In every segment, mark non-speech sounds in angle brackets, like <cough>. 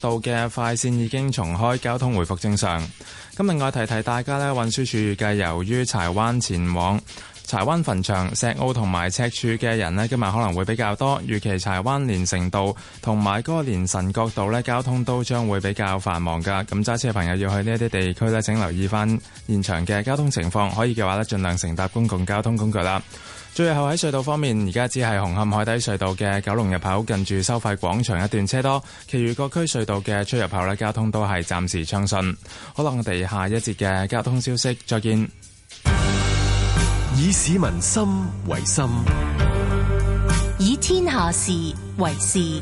道嘅快綫已經重開，交通回復正常。今日我提提大家呢，運輸處預計，由於柴灣前往柴灣墳場、石澳同埋赤柱嘅人呢，今日可能會比較多。預期柴灣連城道同埋歌連臣角道呢，交通都將會比較繁忙噶。咁揸車嘅朋友要去呢一啲地區呢，請留意翻現場嘅交通情況，可以嘅話呢，盡量乘搭公共交通工具啦。最後喺隧道方面，而家只係紅磡海底隧道嘅九龍入口近住收費廣場一段車多，其餘各區隧道嘅出入口呢交通都係暫時暢順。好啦，我哋下一節嘅交通消息再見。以市民心為心，以天下事為事。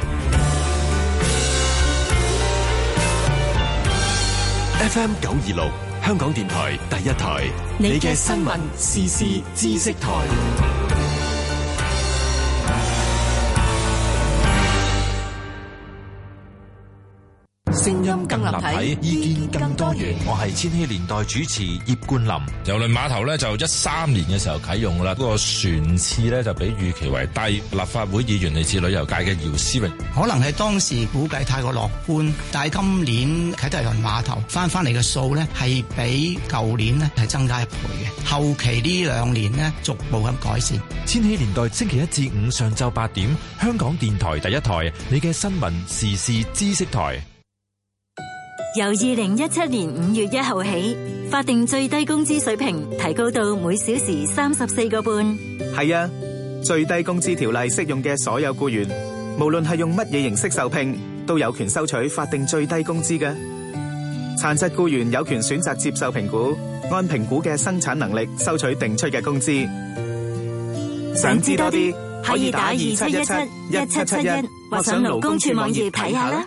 FM 九二六，香港電台第一台，你嘅新聞、時事、知識台。聲音更立體，意見更多元。我係千禧年代主持葉冠霖。郵輪碼頭咧就一三年嘅時候啟用啦，嗰個船次咧就比預期為低。立法會議員嚟自旅遊界嘅姚思榮，可能係當時估計太過樂觀，但係今年啟德郵輪碼頭翻翻嚟嘅數咧係比舊年呢係增加一倍嘅。後期呢兩年呢逐步咁改善。千禧年代星期一至五上晝八點，香港電台第一台，你嘅新聞時事知識台。由二零一七年五月一號起，法定最低工資水平提高到每小時三十四個半。係啊，最低工資條例適用嘅所有僱員，無論係用乜嘢形式受聘，都有權收取法定最低工資嘅。殘疾僱員有權選擇接受評估，按評估嘅生產能力收取定出嘅工資。想知多啲，可以打二七一七一七七一，或上勞工處網頁睇下啦。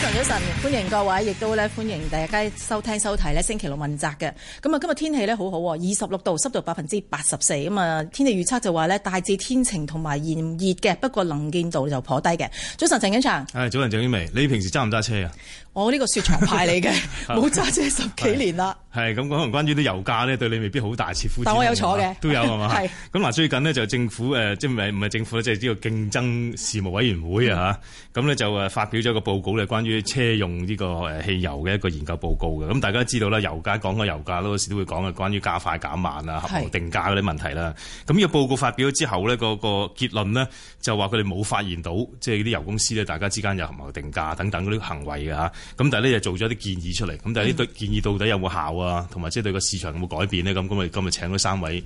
早晨，早晨，歡迎各位，亦都咧歡迎大家收聽收睇咧星期六問責嘅咁啊。今日天氣咧好好，哦，二十六度，濕度百分之八十四咁啊。天氣預測就話咧大致天晴同埋炎熱嘅，不過能見度就頗低嘅。早晨，陳景祥，係早晨，鄭婉薇，你平時揸唔揸車啊？我呢個雪藏派嚟嘅，冇揸 <laughs> 車十幾年啦。係咁可能關於啲油價咧，對你未必好大切膚。但我有坐嘅都有係嘛？係咁嗱，最近呢，就政府誒、呃，即係唔係政府即係呢個競爭事務委員會、嗯、啊吓，咁咧就誒發表咗一個報告咧，關於車用呢、這個、呃、汽油嘅一個研究報告嘅。咁大家知道啦，油價講過油價啦，有時都會講嘅，關於加快減慢啊、合謀定價嗰啲問題啦。咁呢是個報告發表之後呢，嗰、那個結論咧就話佢哋冇發現到，即係啲油公司咧，大家之間有合謀定價等等嗰啲行為嘅嚇。咁但係呢，就做咗啲建議出嚟。咁但係呢對建議到底有冇效啊？同埋即係對個市場有冇改變呢？咁咁咪今日請咗三位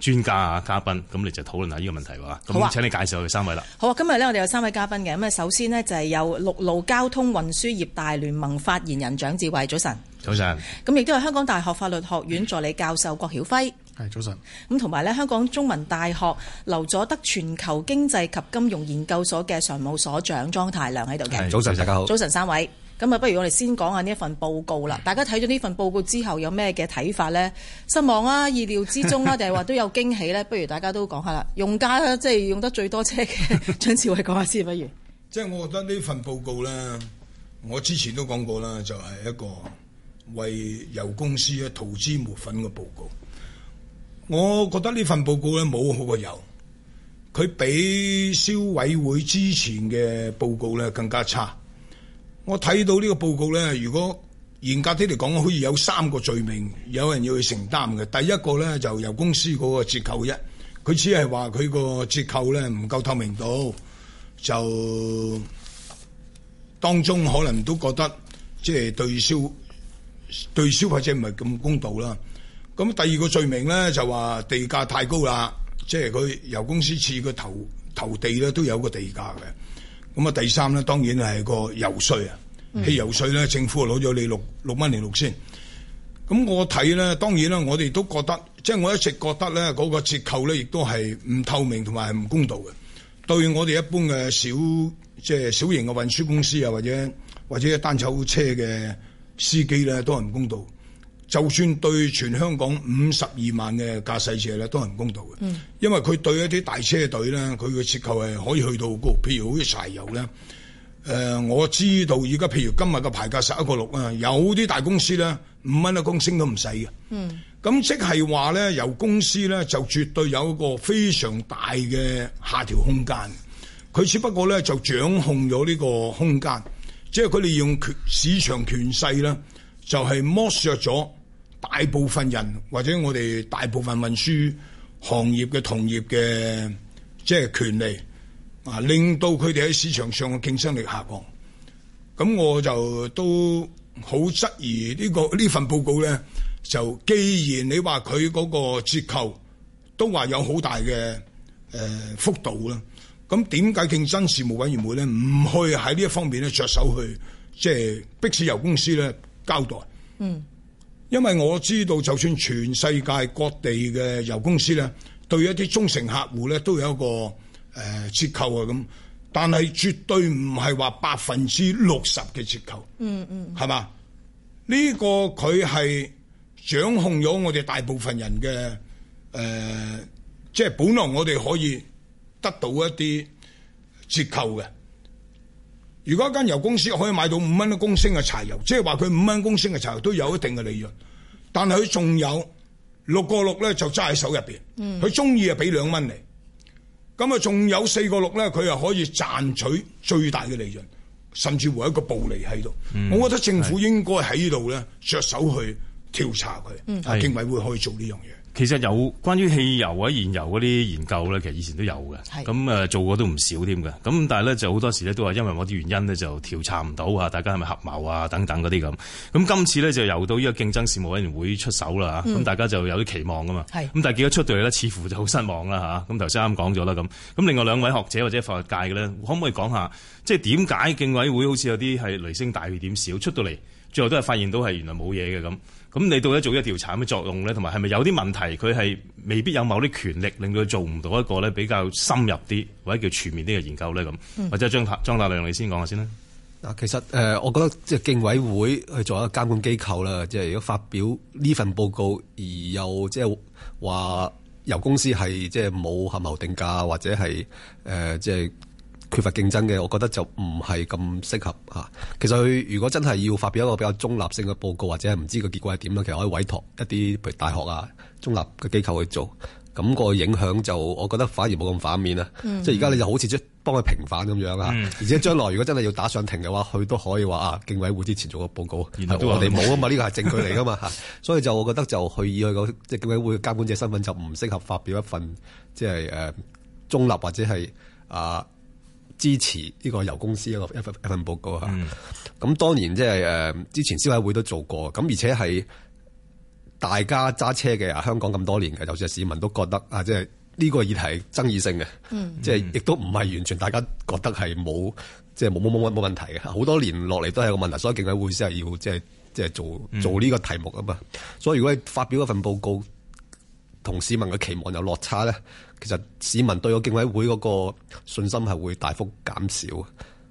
專家啊，嘉賓咁你就討論下呢個問題喎。咁唔、啊、請你介紹佢三位啦。好啊，今日呢，我哋有三位嘉賓嘅咁啊。首先呢，就係有陸路交通運輸業大聯盟發言人蔣志偉，早晨。早晨。咁亦都係香港大學法律學院助理教授郭曉暉，係早晨。咁同埋呢，香港中文大學劉佐德全球經濟及金融研究所嘅常務所長莊太量喺度嘅。早晨，大家好。早晨，早晨三，早晨三位。咁啊，不如我哋先講下呢一份報告啦。大家睇咗呢份報告之後，有咩嘅睇法咧？失望啊，意料之中啊，定係話都有驚喜咧？ <laughs> 不如大家都講下啦。用家、啊、即係用得最多車嘅蔣志偉講下先，不如。即係 <laughs> 我覺得呢份報告咧，我之前都講過啦，就係、是、一個為油公司咧塗脂抹粉嘅報告。我覺得呢份報告咧冇好過油，佢比消委會之前嘅報告咧更加差。我睇到呢個報告咧，如果嚴格啲嚟講，可以有三個罪名，有人要去承擔嘅。第一個咧，就油公司嗰個折扣一，佢只係話佢個折扣咧唔夠透明度，就當中可能都覺得即係、就是、對消對消費者唔係咁公道啦。咁第二個罪名咧，就話地價太高啦，即係佢油公司賜個投投地咧都有個地價嘅。咁啊，第三咧，當然係個油稅啊，嗯、汽油稅咧，政府攞咗你六六蚊零六先。咁我睇咧，當然啦我哋都覺得，即係我一直覺得咧，嗰個折扣咧，亦都係唔透明同埋係唔公道嘅。對我哋一般嘅小即係小型嘅運輸公司啊，或者或者單車嘅司機咧，都係唔公道。就算對全香港五十二萬嘅駕駛者咧，都係唔公道嘅。嗯、因為佢對一啲大車隊咧，佢嘅折扣係可以去到好高。譬如好似柴油咧，誒、呃、我知道而家譬如今日嘅牌價十一個六啊，有啲大公司咧，五蚊一公升都唔使嘅。咁、嗯、即係話咧，由公司咧就絕對有一個非常大嘅下調空間，佢只不過咧就掌控咗呢個空間，即係佢哋利用權市場權勢咧，就係、是、剝削咗大部分人或者我哋大部分運輸行業嘅同業嘅即係權利啊，令到佢哋喺市場上嘅競爭力下降。咁我就都好質疑呢、這個呢份報告咧，就既然你話佢嗰個折扣都話有好大嘅誒、呃、幅度啦，咁點解競爭事務委員會咧唔去喺呢一方面咧着手去即係逼使油公司咧交代？嗯。因為我知道，就算全世界各地嘅油公司咧，對一啲忠誠客戶咧，都有一個誒、呃、折扣啊咁，但係絕對唔係話百分之六十嘅折扣，嗯嗯，係嘛？呢、這個佢係掌控咗我哋大部分人嘅誒，即係本來我哋可以得到一啲折扣嘅。如果一間油公司可以買到五蚊一公升嘅柴油，即係話佢五蚊公升嘅柴油都有一定嘅利潤，但係佢仲有六個六咧就揸喺手入邊，佢中意啊俾兩蚊嚟，咁啊仲有四個六咧佢又可以賺取最大嘅利潤，甚至乎一個暴利喺度。嗯、我覺得政府應該喺呢度咧着手去調查佢，嗯、啊的競委會可以做呢樣嘢。其實有關於汽油或者燃油嗰啲研究咧，其實以前都有嘅，咁誒是做過都唔少添嘅。咁但係咧就好多時咧都話因為某啲原因咧就調查唔到啊，大家係咪合謀啊等等嗰啲咁。咁今次咧就由到呢個競爭事務委員會出手啦嚇，咁、嗯、大家就有啲期望噶嘛。咁是但係結果出到嚟咧，似乎就好失望啦嚇。咁頭先啱講咗啦咁。咁另外兩位學者或者法律界嘅咧，可唔可以講下即係點解競委會好似有啲係雷聲大雨點小出到嚟，最後都係發現到係原來冇嘢嘅咁？咁你到底做呢個調查有咩作用咧？同埋係咪有啲問題，佢係未必有某啲權力，令到佢做唔到一個咧比較深入啲或者叫全面啲嘅研究咧咁？嗯、或者莊太莊太量你先講下先啦。嗱，其實誒，我覺得即係競委會去做一個監管機構啦，即係如果發表呢份報告而又即係話油公司係即係冇合謀定價或者係誒即係。呃就是缺乏競爭嘅，我覺得就唔係咁適合嚇。其實佢如果真係要發表一個比較中立性嘅報告，或者係唔知個結果係點咧，其實可以委託一啲譬如大學啊、中立嘅機構去做咁個影響就，我覺得反而冇咁反面啊。即係而家你就好似即幫佢平反咁樣啊。而且將來如果真係要打上庭嘅話，佢都可以話啊，競委會之前做個報告，然後我哋冇啊嘛，呢個係證據嚟㗎嘛嚇。 <laughs> 所以就我覺得就佢以佢個即係競委會監管者身份就唔適合發表一份即係誒中立或者係啊。支持呢個油公司一個一份報告吓，咁、嗯、當然即係誒之前消委會都做過，咁而且係大家揸車嘅啊，香港咁多年嘅，就算市民都覺得啊，即係呢個議題爭議性嘅，即係亦都唔係完全大家覺得係冇即係冇冇冇冇問題嘅，好多年落嚟都係個問題，所以競委會先係要即係即係做做呢個題目啊嘛，嗯、所以如果發表一份報告，同市民嘅期望有落差咧，其實市民對個警委會嗰個信心係會大幅減少。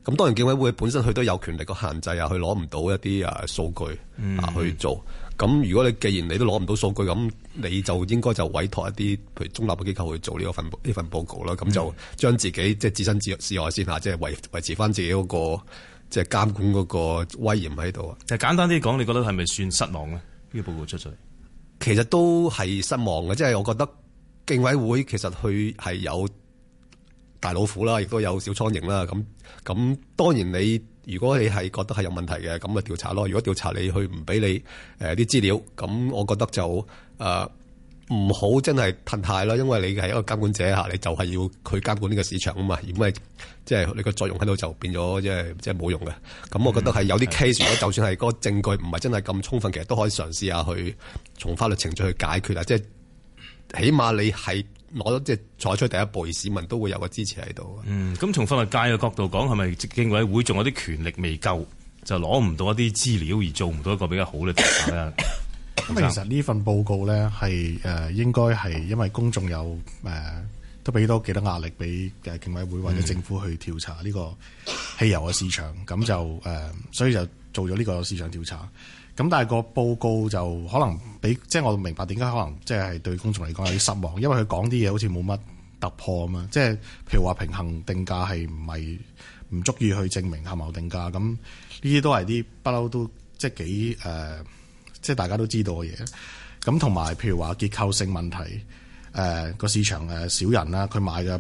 咁當然，警委會本身佢都有權力個限制啊，佢攞唔到一啲啊數據啊去做。咁、嗯、如果你既然你都攞唔到數據，咁你就應該就委託一啲譬如中立嘅機構去做呢一份呢份報告啦。咁、嗯、就將自己即係置身事事外先嚇，即係維維持翻自己嗰個即係監管嗰個威嚴喺度啊。就簡單啲講，你覺得係咪算失望咧？呢、呢個報告出咗嚟？其實都係失望嘅，即係我覺得競委會其實佢係有大老虎啦，亦都有小蒼蠅啦。咁咁當然你如果你係覺得係有問題嘅，咁咪調查咯。如果調查你去唔俾你誒啲資料，咁我覺得就誒。呃唔好真係吞太咯，因為你係一個監管者吓，你就係要佢監管呢個市場啊嘛。如果係即係你個作用喺度，就變咗即係即係冇用嘅。咁、嗯、我覺得係有啲 case，的如果就算係嗰個證據唔係真係咁充分，其實都可以嘗試下去從法律程序去解決啦。即、就、係、是、起碼你係攞即係採取第一步，而市民都會有個支持喺度。嗯，咁從法律界嘅角度講，係咪競委會仲有啲權力未夠，就攞唔到一啲資料而做唔到一個比較好嘅調查咧？ <coughs> 咁其實呢份報告咧，係誒應該係因為公眾有誒、呃、都俾多幾多壓力俾誒競委會或者政府去調查呢個汽油嘅市場，咁、嗯、就誒、呃、所以就做咗呢個市場調查。咁但係個報告就可能俾即係、就是、我明白點解可能即係對公眾嚟講有啲失望，因為佢講啲嘢好似冇乜突破吖嘛。即、就、係、是、譬如話平衡定價係唔係唔足以去證明合謀定價咁？呢啲都係啲不嬲都即係、就是、幾誒。呃即係大家都知道嘅嘢，咁同埋譬如話結構性問題，誒、呃、個市場誒少人啦，佢買嘅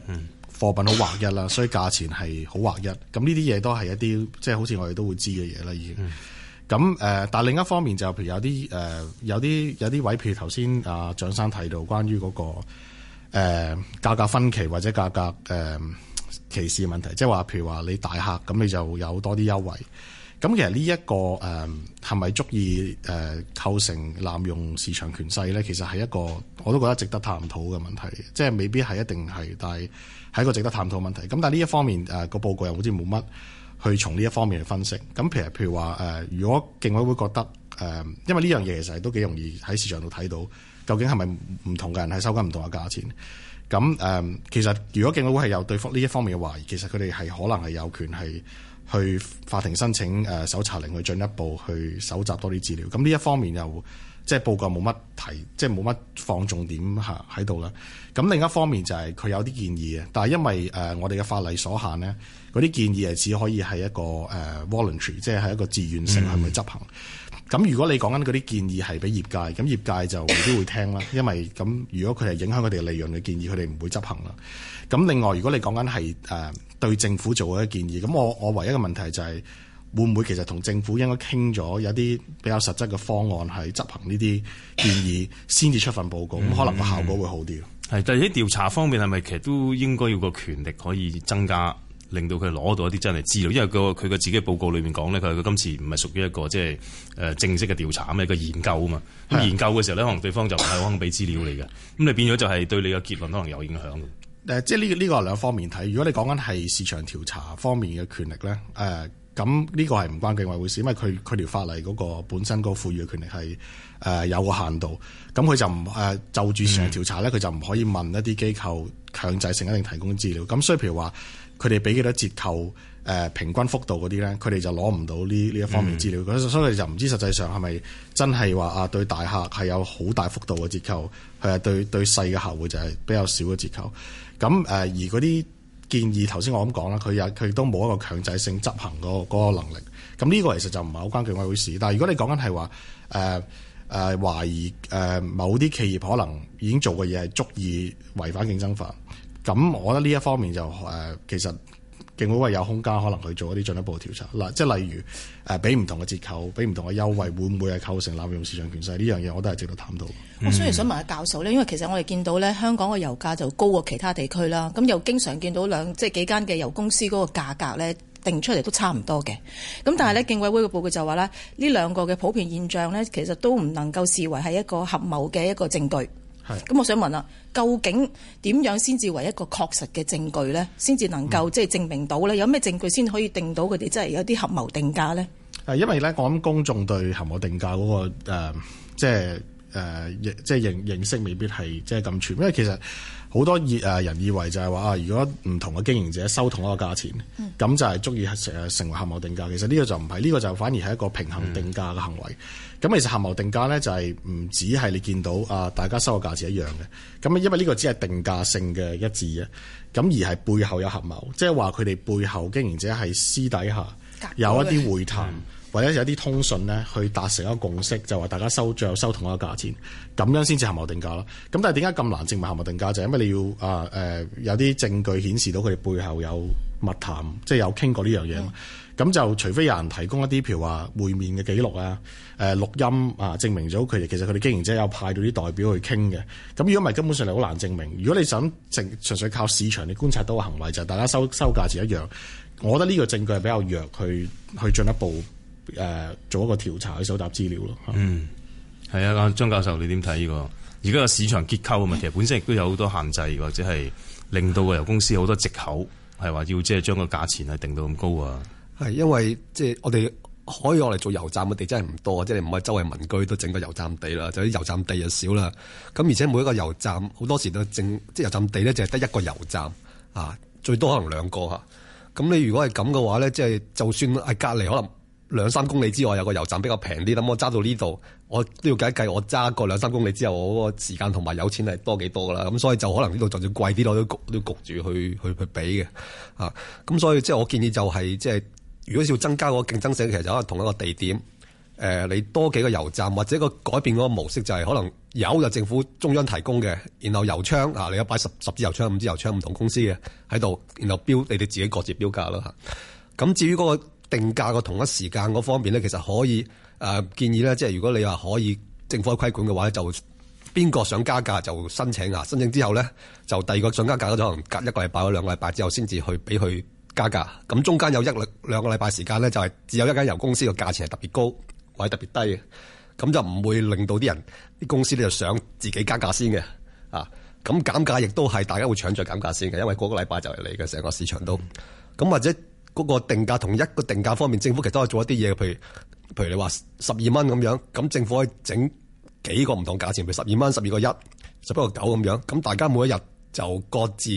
貨品好劃一啦，所以價錢係好劃一。咁呢啲嘢都係一啲即係好似我哋都會知嘅嘢啦，已經。咁、呃、誒，但係另一方面就譬如有啲誒、呃、有啲、呃、有啲位，譬如頭、啊、先阿蔣生提到關於嗰、那個誒、呃、價格分歧或者價格誒、呃、歧視問題，即係話譬如話你大客咁你就有多啲優惠。咁其實呢一個誒係咪足以誒構成濫用市場權勢咧？其實係一個我都覺得值得探討嘅問題，即係未必係一定係，但係係一個值得探討嘅問題。咁但係呢一方面誒個報告又好似冇乜去從呢一方面去分析。咁其實譬如話誒，如果競委會覺得誒，因為呢樣嘢其實都幾容易喺市場度睇到，究竟係咪唔同嘅人係收緊唔同嘅價錢？咁誒其實如果競委會係有對方呢一方面嘅懷疑，其實佢哋係可能係有權係。去法庭申請誒搜查令，去進一步去搜集多啲資料。咁呢一方面又即係報告冇乜提，即係冇乜放重點嚇喺度啦。咁另一方面就係佢有啲建議嘅，但係因為誒我哋嘅法例所限呢嗰啲建議係只可以係一個誒 voluntary，即係係一個自願性去執行。咁、嗯、如果你講緊嗰啲建議係俾業界，咁業界就都會聽啦。 <coughs> 因為咁，如果佢係影響佢哋利潤嘅建議，佢哋唔會執行啦。咁另外，如果你講緊係誒。呃對政府做嘅一建議，咁我我唯一嘅問題就係、是、會唔會其實同政府應該傾咗有啲比較實質嘅方案喺執行呢啲建議，先至出份報告，咁、嗯嗯、可能個效果會好啲咯。係，但係喺調查方面係咪其實都應該要個權力可以增加，令到佢攞到一啲真係資料，因為個佢嘅自己報告裏面講咧，佢佢今次唔係屬於一個即係誒正式嘅調查咩？一個研究啊嘛，咁研究嘅時候咧，的可能對方就唔係咁肯俾資料你嘅，咁、嗯、你變咗就係對你嘅結論可能有影響。誒，即係呢個呢個係兩方面睇。如果你講緊係市場調查方面嘅權力咧，誒、呃，咁呢個係唔關競委會事，因為佢佢條法例嗰個本身嗰個賦予嘅權力係誒、呃、有個限度。咁佢就唔誒、呃、就住市場調查咧，佢就唔可以問一啲機構強制性一定提供資料。咁所以譬如話，佢哋俾幾多折扣誒、呃、平均幅度嗰啲咧，佢哋就攞唔到呢呢一,一方面資料。嗯、所以就唔知實際上係咪真係話啊對大客係有好大幅度嘅折扣，係啊對對細嘅客戶就係比較少嘅折扣。咁誒而嗰啲建議，頭先我咁講啦，佢又佢都冇一個強制性執行嗰嗰個能力。咁呢個其實就唔係好關緊個事。但係如果你講緊係話誒誒懷疑誒某啲企業可能已經做嘅嘢係足以違反競爭法，咁我覺得呢一方面就誒、呃、其實。競委會有空間可能去做一啲進一步調查，嗱，即係例如誒俾唔同嘅折扣，俾唔同嘅優惠，會唔會係構成濫用市場權勢呢樣嘢？我都係值得探討。我、嗯、雖然想問下教授咧，因為其實我哋見到咧香港嘅油價就高過其他地區啦，咁又經常見到兩即係幾間嘅油公司嗰個價格咧定出嚟都差唔多嘅，咁但係呢競委會嘅報告就話咧呢兩個嘅普遍現象呢，其實都唔能夠視為係一個合謀嘅一個證據。咁我想問啦，究竟點樣先至為一個確實嘅證據咧？先至能夠即係證明到咧？有咩證據先可以定到佢哋即係有啲合謀定價咧？誒，因為咧，我諗公眾對合謀定價嗰個即係誒，即係認認識未必係即係咁全，因為其實。好多意誒人以為就係話啊，如果唔同嘅經營者收同一個價錢，咁、嗯、就係足以誒成為合謀定價。其實呢個就唔係，呢、呢個就反而係一個平衡定價嘅行為。咁、嗯、其實合謀定價咧就係唔止係你見到啊，大家收嘅價錢一樣嘅。咁因為呢個只係定價性嘅一致嘅，咁而係背後有合謀，即係話佢哋背後經營者係私底下有一啲會談。嗯嗯或者有啲通訊咧，去達成一個共識，就話大家收最後收同一個價錢，咁樣先至合謀定價咯。咁但係點解咁難證明合謀定價，就係、是、因為你要啊誒、呃呃、有啲證據顯示到佢哋背後有密談，即、就、係、是、有傾過呢、嗯、樣嘢。咁就除非有人提供一啲譬如話會面嘅記錄啊、誒、呃、錄音啊、呃，證明咗佢哋其實佢哋經營者有派到啲代表去傾嘅。咁如果唔係根本上係好難證明。如果你想純粹靠市場你觀察到嘅行為，就係、是、大家收收價錢一樣。我覺得呢個證據係比較弱，去去進一步。誒，做一個調查去搜集資料咯。嗯，係啊，莊教授，你點睇呢個？而家個市場結構嘅問題本身亦都有好多限制，或者係令到個油公司好多借口係話要即係將個價錢係定到咁高啊。係因為即係、就是、我哋可以攞嚟做油站嘅地真係唔多，即係唔係周圍民居都整個油站地啦，就啲、是、油站地就少啦。咁而且每一個油站好多時都整即係、就是、油站地咧，就係得一個油站啊，最多可能兩個吓。咁你如果係咁嘅話咧，即、就、係、是、就算喺隔籬可能。兩三公里之外有個油站比較平啲，咁我揸到呢度，我都要計一計，我揸個兩三公里之後，我個時間同埋油錢係多幾多噶啦，咁所以就可能呢度就算貴啲咯都焗，要焗住去去去畀嘅，啊，咁所以即係我建議就係、是、即係，如果要增加個競爭性，其實可能同一個地點，誒、呃，你多幾個油站或者個改變嗰個模式、就是，就係可能油就政府中央提供嘅，然後油槍啊，你有擺十十支油槍、五支油槍唔同公司嘅喺度，然後標你哋自己各自標價啦吓，咁、啊啊、至於嗰、那個。定價嘅同一時間嗰方面呢，其實可以誒、呃、建議呢。即係如果你話可以政府規管嘅話，就邊個想加價就申請啊，申請之後呢，就第二個想加價可能隔一個禮拜或者兩個禮拜之後先至去俾佢加價。咁中間有一兩兩個禮拜時間呢，就係、是、只有一間油公司嘅價錢係特別高或者特別低嘅。咁就唔會令到啲人啲公司呢就想自己加價先嘅啊。咁減價亦都係大家會搶着減價先嘅，因為嗰個禮拜就嚟嘅成個市場都咁或者。嗰個定價同一個定價方面，政府其實都可以做一啲嘢，譬如譬如你話十二蚊咁樣，咁政府可以整幾個唔同價錢，譬如十二蚊、十二個一、十一個九咁樣，咁大家每一日就各自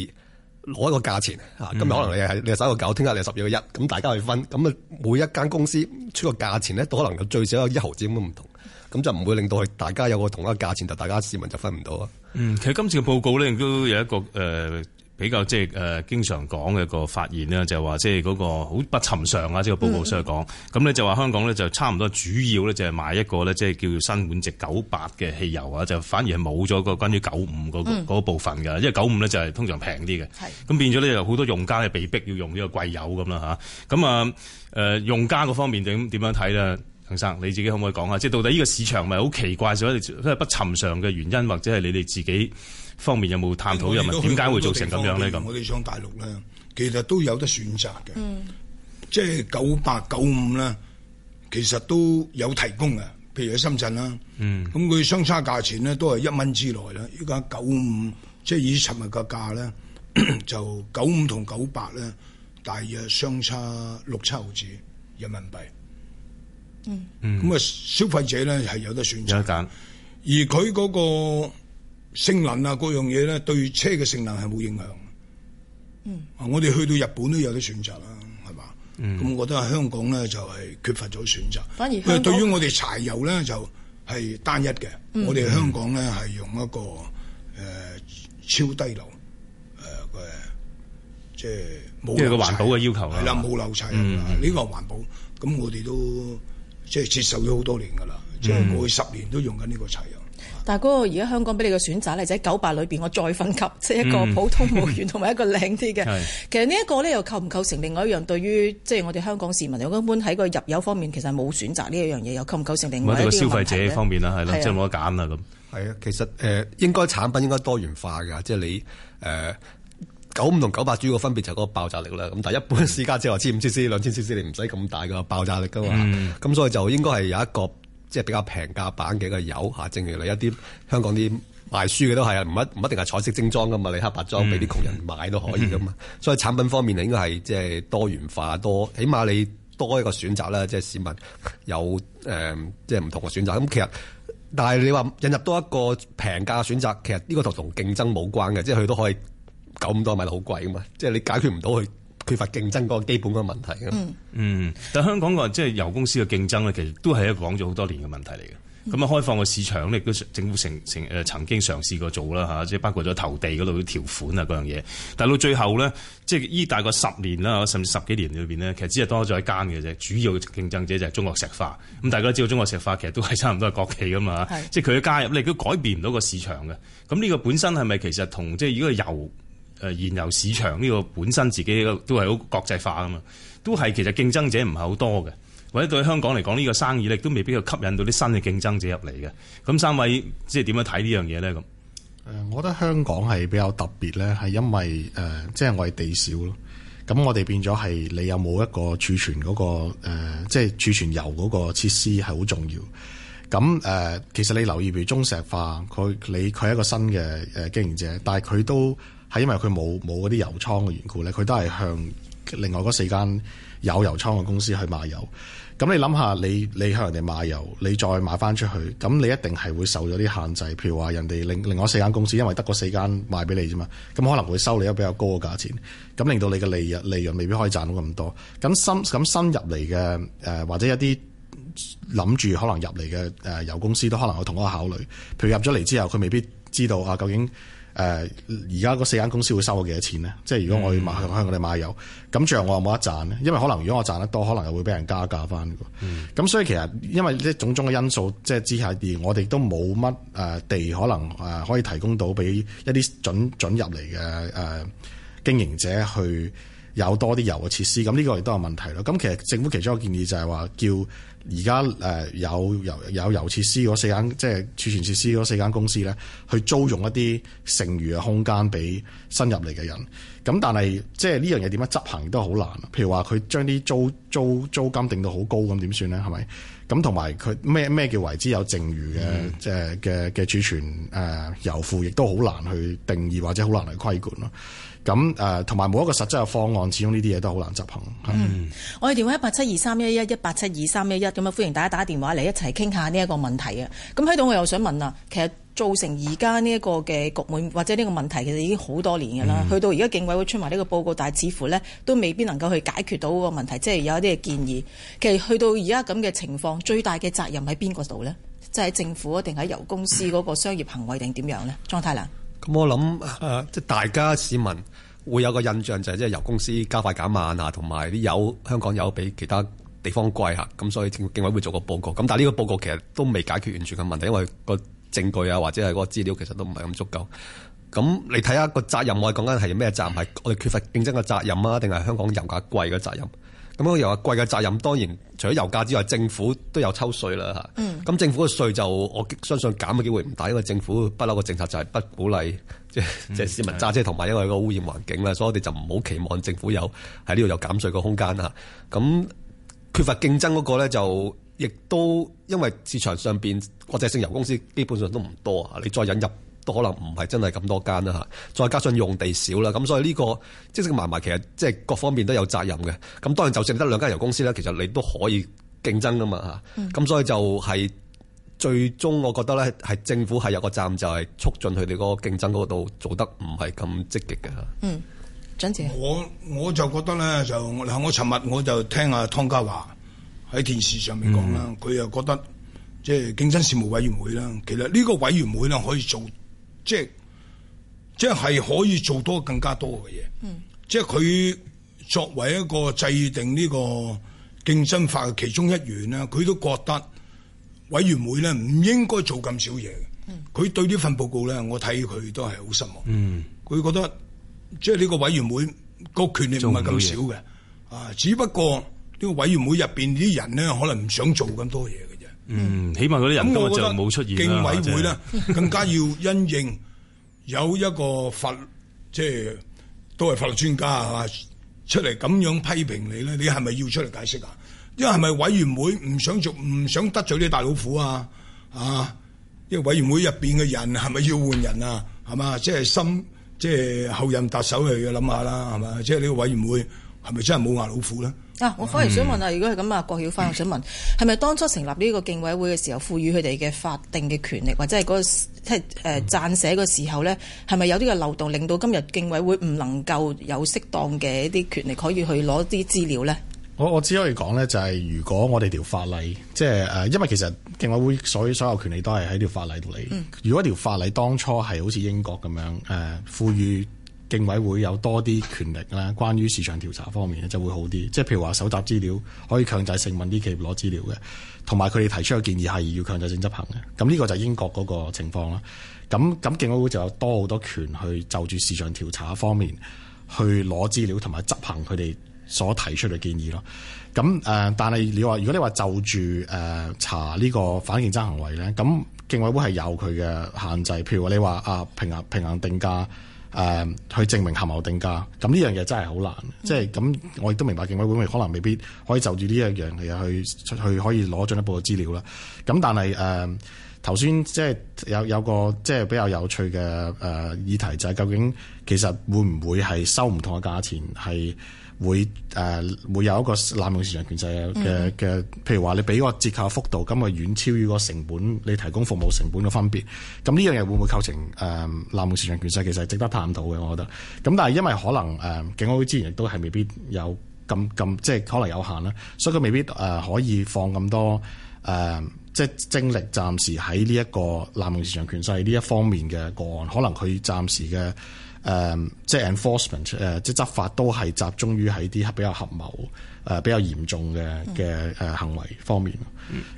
攞一個價錢，嚇，今日可能你係你係十一個九，聽日你係十二個一，咁大家去分，咁啊每一間公司出個價錢咧，都可能有最少有一毫子咁唔同，咁就唔會令到係大家有個同一個價錢，就大家市民就分唔到啊、嗯。其實今次嘅報告咧，亦都有一個誒。呃比較即係誒經常講嘅個發現咧，就話即係嗰個好不尋常啊！即係報告書講咁咧，嗯、就話香港咧就差唔多主要咧就係買一個咧，即係叫做辛烷值九八嘅汽油啊，就反而係冇咗個關於九五嗰嗰部分嘅，因為九五咧就係通常平啲嘅。咁是變咗咧好多用家咧被逼要用呢個貴油咁啦吓，咁啊誒、呃、用家嗰方面點點樣睇咧？陳生你自己可唔可以講下？即、就、係、是、到底呢個市場咪好奇怪少一啲，即係不尋常嘅原因，或者係你哋自己？方面有冇探討？有冇點解會造成咁樣咧？咁我哋喺大陸咧，其實都有得選擇嘅。嗯，即係九八九五咧，其實都有提供嘅。譬如喺深圳啦，嗯，咁佢相差價錢咧都係一蚊之內啦。依家九五即係以尋日個價咧， <coughs> 就九五同九八咧，大約相差六七毫子人民幣。嗯嗯，咁啊、嗯，消費者咧係有得選擇，有選擇而佢嗰、嗰個性能啊，各樣嘢咧對車嘅性能係冇影響。嗯，我哋去到日本都有啲選擇啦，係嘛？嗯，咁我覺得喺香港咧就係缺乏咗選擇，反而香港。對於我哋柴油咧就係單一嘅，我哋香港咧係用一個誒超低硫誒嘅，即係冇。即係個環保嘅要求。係啦，冇漏柴。嗯。呢個環保，咁我哋都即係接受咗好多年㗎啦，即係過去十年都用緊呢個柴油。但嗰個，而家香港俾你嘅選擇，你喺九八裏邊，我再分級即係、就是、一個普通無鉛同埋一個靚啲嘅。是的 其實呢一個咧又構唔構成另外一樣，對於即係我哋香港市民嚟講，根本喺個入油方面其實冇選擇呢一樣嘢，又構唔構成另一樣嘅問題，個消費者方面啦，係咯，即係冇得揀啊咁。係啊的，其實誒應該產品應該多元化㗎，即、就、係、是、你誒九五同九八主要分別就係嗰個爆炸力啦。咁但係一般私家車話千 CC 兩千 CC 你唔使咁大嘅爆炸力㗎嘛。咁是的 所以就應該係有一個。即係比較平價版嘅個油嚇，正如你一啲香港啲賣書嘅都係啊，唔一唔一定係彩色精裝㗎嘛，你黑白裝俾啲窮人買都可以㗎嘛。嗯、所以產品方面啊，應該係即係多元化多，起碼你多一個選擇啦，即係市民有誒、呃、即係唔同嘅選擇。咁其實，但係你話引入多一個平價選擇，其實呢個就同競爭冇關嘅，即係佢都可以九咁多買得好貴㗎嘛，即係你解決唔到佢。缺乏競爭嗰個基本嘅問題咯。嗯，嗯，但香港個即係油公司嘅競爭咧，其實都係一講咗好多年嘅問題嚟嘅。咁啊、嗯，開放個市場咧亦都政府成成誒曾經嘗試過做啦嚇，即係包括咗投地嗰度啲條款啊嗰樣嘢。但到最後咧，即係依大概十年啦，甚至十幾年裏邊咧，其實只係多咗一間嘅啫。主要競爭者就係中國石化。咁大家都知道中國石化其實都係差唔多係國企噶嘛，是即係佢嘅加入咧都改變唔到個市場嘅。咁呢個本身係咪其實同即係依個油？誒，燃油市場呢個本身自己都係好國際化㗎嘛，都係其實競爭者唔係好多嘅，或者對香港嚟講呢個生意咧，都未必吸引到啲新嘅競爭者入嚟嘅。咁三位即係點樣睇呢樣嘢咧？咁誒、呃，我覺得香港係比較特別咧，係因為誒、呃，即係我哋地少咯，咁我哋變咗係你有冇一個儲存嗰、嗰個、呃、即係儲存油嗰個設施係好重要。咁誒、呃，其實你留意譬如中石化佢，你佢係一個新嘅誒經營者，但係佢都。係因為佢冇冇嗰啲油倉嘅緣故咧，佢都係向另外嗰四間有油倉嘅公司去買油。咁你諗下你，你你向人哋買油，你再買翻出去，咁你一定係會受咗啲限制。譬如話，人哋另另外四間公司，因為得嗰四間賣俾你啫嘛，咁可能會收你一比較高嘅價錢，咁令到你嘅利日利潤未必可以賺到咁多。咁新咁新入嚟嘅誒，或者一啲諗住可能入嚟嘅誒油公司，都可能有同一個考慮。譬如入咗嚟之後，佢未必知道啊，究竟。誒而家嗰四間公司會收我幾多錢咧？即係如果我去買向我哋買油咁，嗯、最後我又冇得賺咧，因為可能如果我賺得多，可能又會俾人加價翻。咁、嗯、所以其實因為呢種種嘅因素即係之下，而我哋都冇乜誒地，可能誒可以提供到俾一啲準准入嚟嘅誒經營者去有多啲油嘅設施。咁呢個亦都係問題咯。咁其實政府其中一個建議就係話叫。而家誒有油有油設施嗰四間，即係儲存設施嗰四間公司咧，去租用一啲剩餘嘅空間俾新入嚟嘅人。咁但係即係呢樣嘢點樣執行都好難。譬如話佢將啲租租租金定到好高，咁點算咧？係咪咁，同埋佢咩咩叫為之有剩餘嘅、嗯、即係嘅嘅儲存誒油庫，亦都好難去定義或者好難去規管咯。咁誒，同埋冇一個實質嘅方案，始終呢啲嘢都好難執行。嗯，是我哋電話一八七二三一一一八七二三一一。咁啊，歡迎大家打電話嚟一齊傾下呢一個問題啊。咁喺度我又想問啊，其實造成而家呢一個嘅局面或者呢個問題，其實已經好多年㗎喇。去、嗯、到而家，競委會出埋呢個報告，但係似乎呢都未必能夠去解決到個問題，即係有一啲嘅建議。其實去到而家咁嘅情況，最大嘅責任喺邊個度呢？即、就、係、是、政府定係油公司嗰個商業行為定點樣呢？莊太量。我諗，即係大家市民會有個印象就係，即係油公司加快減慢啊，同埋啲油香港油比其他地方貴吓，咁所以競委會做個報告。咁但係呢個報告其實都未解決完全嘅問題，因為個證據啊或者係嗰個資料其實都唔係咁足夠。咁你睇下個責任，我哋講緊係咩責任？係我哋缺乏競爭嘅責任啊，定係香港油價貴嘅責任？咁樣又話貴嘅責任，當然除咗油價之外，政府都有抽稅啦嚇。咁、嗯、政府嘅稅就我相信減嘅機會唔大，因為政府不嬲個政策就係不鼓勵，即係即係市民揸車同埋，因為個污染環境啦，所以我哋就唔好期望政府有喺呢度有減稅嘅空間嚇。咁缺乏競爭嗰個咧，就亦都因為市場上邊國際性油公司基本上都唔多啊，你再引入。都可能唔係真係咁多間啦吓，再加上用地少啦，咁所以呢個即係埋埋，其實即係各方面都有責任嘅。咁當然就剩得兩間油公司咧，其實你都可以競爭噶嘛吓，咁、嗯、所以就係最終，我覺得咧，係政府係有個站，就係促進佢哋嗰個競爭嗰度做得唔係咁積極嘅吓，嗯，張姐，我我就覺得咧就我尋日我就聽阿湯家驊喺電視上面講啦，佢又、嗯、覺得即係競爭事務委員會啦，其實呢個委員會咧可以做。即係即係可以做多更加多嘅嘢。嗯、即係佢作為一個制定呢個競爭法嘅其中一員咧，佢都覺得委員會咧唔應該做咁少嘢。佢、嗯、對呢份報告咧，我睇佢都係好失望。嗯，佢覺得即係呢個委員會個權力唔係咁少嘅，啊，只不過呢個委員會入邊啲人咧，可能唔想做咁多嘢。嗯，起碼嗰啲人我就冇出現啦。嗯嗯、競委會咧更加要因應有一個法， <laughs> 即係都係法律專家係嘛出嚟咁樣批評你咧，你係咪要出嚟解釋啊？因為係咪委員會唔想做，唔想得罪啲大老虎啊？啊，即、這、係、個、委員會入邊嘅人係咪要換人啊？係嘛，即係心，即係後任特首又要諗下啦，係嘛？即係呢個委員會係咪真係冇牙老虎咧？啊！我反而想問啊，嗯、如果係咁啊，郭曉暉，我想問，係咪、嗯、當初成立呢個競委會嘅時候，賦予佢哋嘅法定嘅權力，或者係、那、嗰個即係誒撰寫嘅時候咧，係咪有啲嘅漏洞，令到今日競委會唔能夠有適當嘅一啲權力，可以去攞啲資料咧？我我只可以講咧、就是，就係如果我哋條法例，即係誒、呃，因為其實競委會所以所有權利都係喺條法例度嚟。嗯、如果條法例當初係好似英國咁樣誒賦、呃、予。競委會有多啲權力咧，關於市場調查方面咧就會好啲。即係譬如話搜集資料，可以強制性問啲企業攞資料嘅，同埋佢哋提出嘅建議係要強制性執行嘅。咁呢個就係英國嗰個情況啦。咁咁，競委會就有多好多權去就住市場調查方面去攞資料，同埋執行佢哋所提出嘅建議咯。咁誒、呃，但係你話如果你話就住誒、呃、查呢個反競爭行為咧，咁競委會係有佢嘅限制，譬如話你話啊平行平行定價。誒、呃、去證明合謀定價，咁呢樣嘢真係好難，嗯、即係咁我亦都明白，競委會可能未必可以就住呢一樣嘢去去，去可以攞進一步嘅資料啦。咁但係誒頭先即係有有個即係比較有趣嘅誒、呃、議題就係究竟其實會唔會係收唔同嘅價錢係？會誒會有一個濫用市場權勢嘅嘅，譬如話你俾個折扣幅度，咁咪遠超於個成本，你提供服務成本嘅分別。咁呢樣嘢會唔會構成誒濫用市場權勢？其實係值得探討嘅，我覺得。咁但係因為可能誒競委會資源亦都係未必有咁咁，即係可能有限啦，所以佢未必誒可以放咁多誒，即係精力暫時喺呢一個濫用市場權勢呢一方面嘅個案，可能佢暫時嘅。誒，即係、uh, enforcement，誒、uh，即係執法都係集中於喺啲比較合謀、誒、uh, 比較嚴重嘅嘅誒行為方面。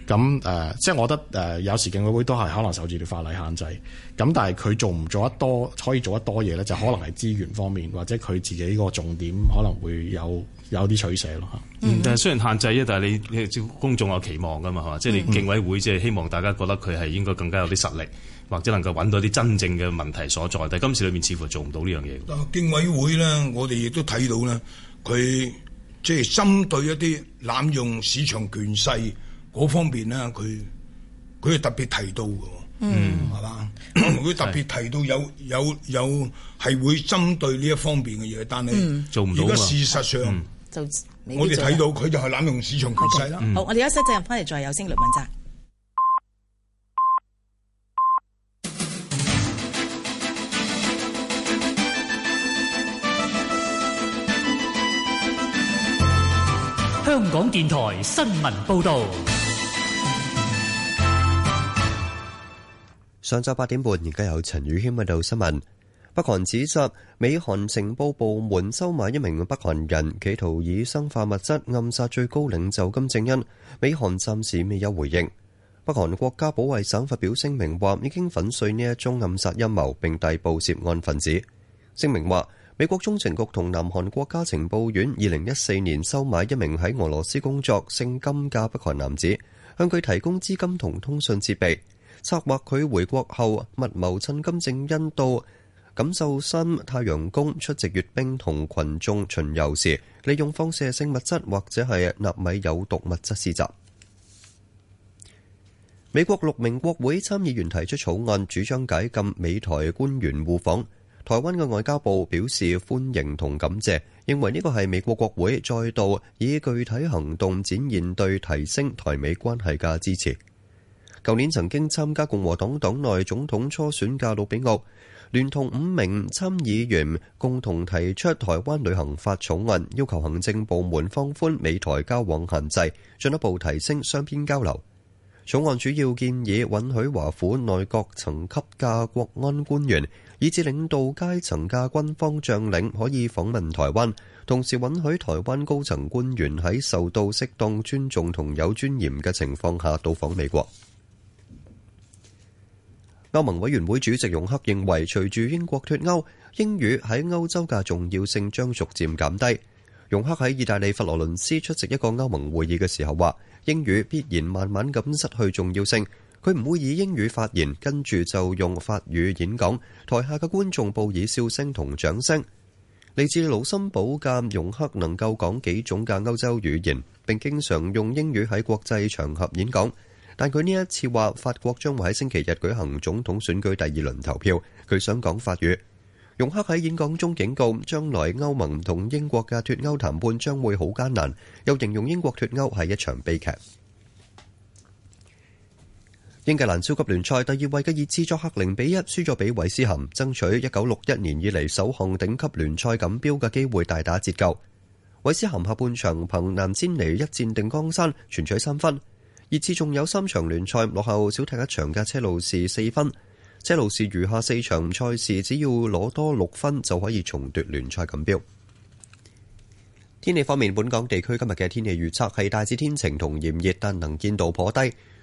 咁誒、嗯，即係、uh, 我覺得誒有時競委會都係可能受住啲法例限制。咁但係佢做唔做得多，可以做得多嘢咧，就可能係資源方面，或者佢自己個重點可能會有有啲取捨咯嚇。但係、嗯嗯、雖然限制咧，但係你你公眾有期望㗎嘛，係嘛？嗯、即係你競委會即係希望大家覺得佢係應該更加有啲實力。或者能夠揾到啲真正嘅問題所在，但係今次裏面似乎做唔到呢樣嘢。啊，經委會咧，我哋亦都睇到咧，佢即係針對一啲濫用市場權勢嗰方面咧，佢佢係特別提到嘅，係嘛、嗯？佢、嗯、特別提到有是有有係會針對呢一方面嘅嘢，但係、嗯、做唔到，而家事實上，嗯嗯、我哋睇到佢就係濫用市場權勢啦、嗯。好，我哋休息陣，翻嚟再有先，梁文澤。香港電台新聞報道：上晝八點半，而家有陳宇謙報道新聞。北韓指責美韓情報部門收買一名北韓人，企圖以生化物質暗殺最高領袖金正恩。美韓暫時未有回應。北韓國家保衛省發表聲明話，已經粉碎呢一宗暗殺陰謀，並逮捕涉案分子。聲明話。美國中情局同南韓國家情報院，二零一四年收買一名喺俄羅斯工作、性金價北韓男子，向佢提供資金同通訊設備，策劃佢回國後密謀趁金正恩到錦繡山太陽宮出席閱兵同群眾巡遊時，利用放射性物質或者係納米有毒物質施襲。美國六名國會參議員提出草案，主張解禁美台官員互訪。台灣嘅外交部表示歡迎同感謝，認為呢個係美國國會再度以具體行動展現對提升台美關係嘅支持。舊年曾經參加共和黨黨內總統初選嘅魯比奧，聯同五名參議員共同提出台灣旅行法草案，要求行政部門放寬美台交往限制，進一步提升雙邊交流。草案主要建議允許華府內閣層級嘅國安官員以至領導階層嘅軍方將領可以訪問台灣，同時允許台灣高層官員喺受到適當尊重同有尊嚴嘅情況下到訪美國。歐盟委員會主席容克認為，隨住英國脱歐，英語喺歐洲嘅重要性將逐漸減低。容克喺意大利佛羅倫斯出席一個歐盟會議嘅時候話，英語必然慢慢咁失去重要性。佢唔會以英語發言，跟住就用法語演講。台下嘅觀眾報以笑聲同掌聲。嚟自盧森堡嘅容克能夠講幾種嘅歐洲語言，並經常用英語喺國際場合演講。但佢呢一次話法國將會喺星期日舉行總統選舉第二輪投票，佢想講法語。容克喺演講中警告，將來歐盟同英國嘅脱歐談判將會好艱難，又形容英國脱歐係一場悲劇。英格蘭超級聯賽第二位嘅熱刺作客零比一輸咗俾韋斯咸，爭取一九六一年以嚟首項頂級聯賽錦標嘅機會大打折扣。韋斯咸下半場憑南千尼一戰定江山，全取三分。熱刺仲有三場聯賽，落後少踢一場嘅車路士四分。車路士餘下四場賽事，只要攞多六分就可以重奪聯賽錦標。天氣方面，本港地區今日嘅天氣預測係大致天晴同炎熱，但能見度頗低。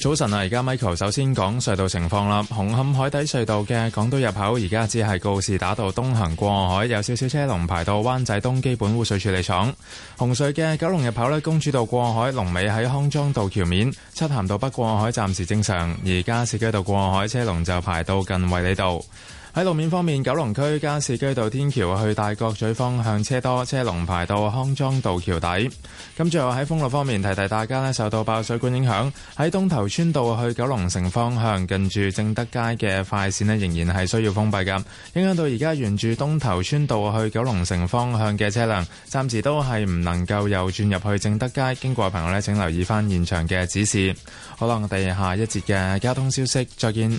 早晨啊！而家 Michael 首先講隧道情況啦。紅磡海底隧道嘅港島入口，而家只係告士打道東行過海，有少少車龍排到灣仔東基本污水處理廠。紅隧嘅九龍入口呢，公主道過海龍尾喺康莊道橋面，漆咸道北過海暫時正常。而家士機道過海車龍就排到近衛理道。喺路面方面，九龍區加士居道天橋去大角咀方向車多，車龍排到康莊道橋底。咁最後喺封路方面，提提大家咧，受到爆水管影響，喺東頭村道去九龍城方向近住正德街嘅快線咧，仍然係需要封閉噶。影響到而家沿住東頭村道去九龍城方向嘅車輛，暫時都係唔能夠右轉入去正德街。經過嘅朋友呢，請留意翻現場嘅指示。好啦，我哋下一節嘅交通消息，再見。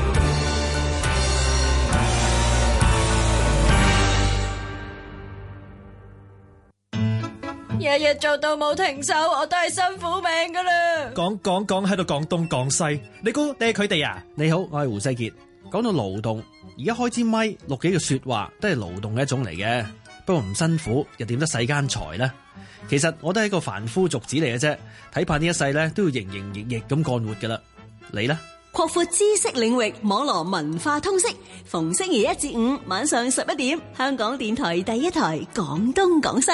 日日做到冇停手，我都係辛苦命噶啦。講講講喺度講東講西，你估？爹佢哋啊，你好，我係胡世杰。講到勞動，而家開支咪錄幾句說話都係勞動嘅一種嚟嘅，不過唔辛苦又點得世間財咧？其實我都係一個凡夫俗子嚟嘅啫，睇怕呢一世咧都要營營役役咁幹活噶啦。你咧？擴闊知識領域，網羅文化通識，逢星期一至五晚上十一點，香港電台第一台《講東講西》。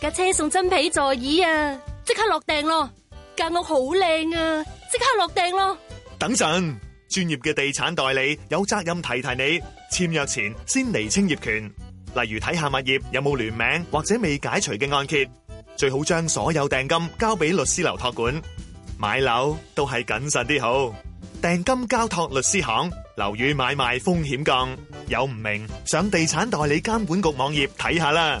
架車送真皮座椅啊！即刻落訂咯！間屋好靚啊！即刻落訂咯！等陣，專業嘅地產代理有責任提提你，簽約前先釐清業權，例如睇下物業有冇聯名或者未解除嘅按揭。最好將所有訂金交俾律師樓託管。買樓都係謹慎啲好，訂金交託律師行，樓宇買賣風險降。有唔明，上地產代理監管局網頁睇下啦。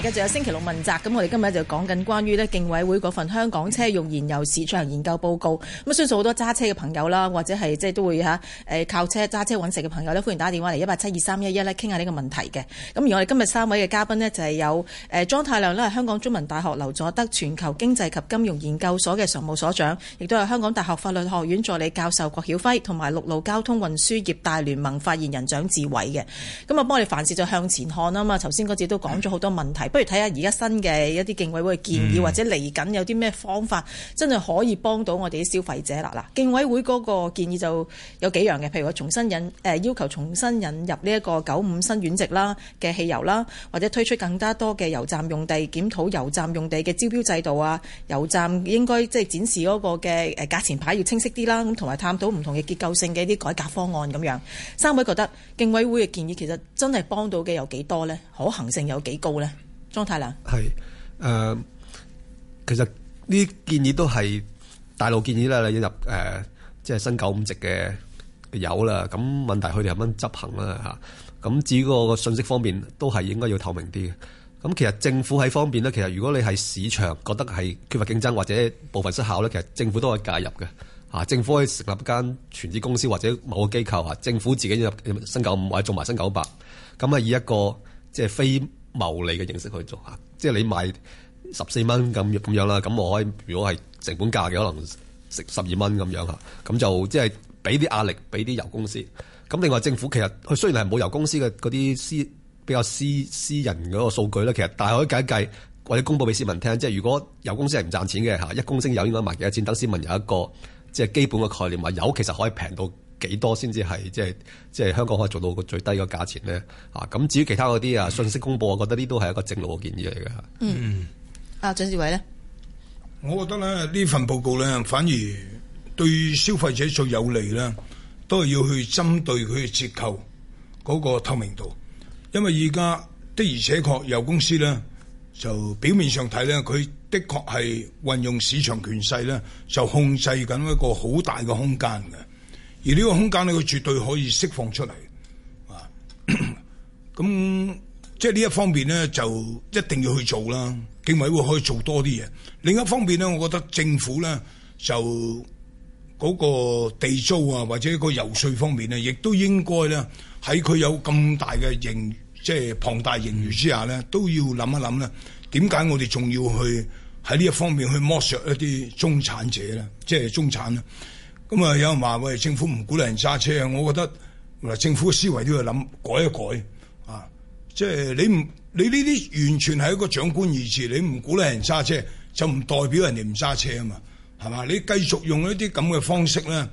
而家就有星期六問責，咁我哋今日就講緊關於呢競委會嗰份香港車用燃油市場研究報告。咁、嗯、啊，相信好多揸車嘅朋友啦，或者係即係都會嚇誒靠車揸車揾食嘅朋友呢，歡迎打電話嚟一八七二三一一呢，傾下呢個問題嘅。咁而我哋今日三位嘅嘉賓呢，就係有誒莊太量呢咧，香港中文大學劉佐德全球經濟及金融研究所嘅常務所長，亦都係香港大學法律學院助理教授郭曉暉，同埋陸路交通運輸業大聯盟發言人蔣志偉嘅。咁、嗯、啊，幫我哋凡事就向前看啊嘛！頭先嗰節都講咗好多問題。嗯不如睇下而家新嘅一啲競委會嘅建議，嗯、或者嚟緊有啲咩方法真係可以幫到我哋啲消費者啦嗱。競委會嗰個建議就有幾樣嘅，譬如話重新引誒、呃、要求重新引入呢一個九五辛烷值啦嘅汽油啦，或者推出更加多嘅油站用地檢討、油站用地嘅招標制度啊，油站應該即係展示嗰個嘅誒價錢牌要清晰啲啦，咁同埋探討唔同嘅結構性嘅一啲改革方案咁樣。三位覺得競委會嘅建議其實真係幫到嘅有幾多呢？可行性有幾高呢？莊太量係誒、呃，其實呢啲建議都係大陸建議啦，引入誒、呃，即係新九五級嘅油啦。咁問題佢哋係乜執行啦吓？咁、啊、至於個信息方面，都係應該要透明啲嘅。咁、啊、其實政府喺方面咧，其實如果你係市場覺得係缺乏競爭或者部分失效咧，其實政府都可以介入嘅吓、啊。政府可以成立間全資公司或者某個機構吓、啊，政府自己引入新九五或者做埋新九八、啊，咁啊以一個即係非。牟利嘅形式去做嚇，即係你賣十四蚊咁咁樣啦，咁我可以如果係成本價嘅，可能食十二蚊咁樣嚇，咁就即係俾啲壓力俾啲油公司。咁另外政府其實佢雖然係冇油公司嘅嗰啲私比較私私人嗰個數據咧，其實但係可以計一計或者公佈俾市民聽，即係如果油公司係唔賺錢嘅嚇，一公升油應該賣幾多錢，等市民有一個即係基本嘅概念，話油其實可以平到。幾多先至係，即係即係香港可以做到個最低個價錢咧？啊，咁至於其他嗰啲啊，信息公佈，我覺得呢都係一個正路嘅建議嚟嘅。嗯，啊，蔣志偉咧，我覺得咧呢份報告咧，反而對消費者最有利啦，都係要去針對佢嘅折扣嗰個透明度，因為而家的而且確油公司咧，就表面上睇咧，佢的確係運用市場權勢咧，就控制緊一個好大嘅空間嘅。而呢個空間咧，佢絕對可以釋放出嚟，啊！咁、 <coughs> 嗯、即係呢一方面咧，就一定要去做啦。經委會可以做多啲嘢。另一方面咧，我覺得政府咧就嗰個地租啊，或者個油稅方面啊，亦都應該咧喺佢有咁大嘅盈，即係龐大盈餘之下咧，都要諗一諗咧，點解我哋仲要去喺呢一方面去剝削一啲中產者咧，即係中產咧？咁啊、嗯！有人話：喂，政府唔鼓勵人揸車啊！我覺得嗱，政府嘅思維都要諗改一改啊！即係你唔你呢啲完全係一個長官意志，你唔鼓勵人揸車，就唔代表人哋唔揸車啊嘛？係嘛？你繼續用一啲咁嘅方式咧，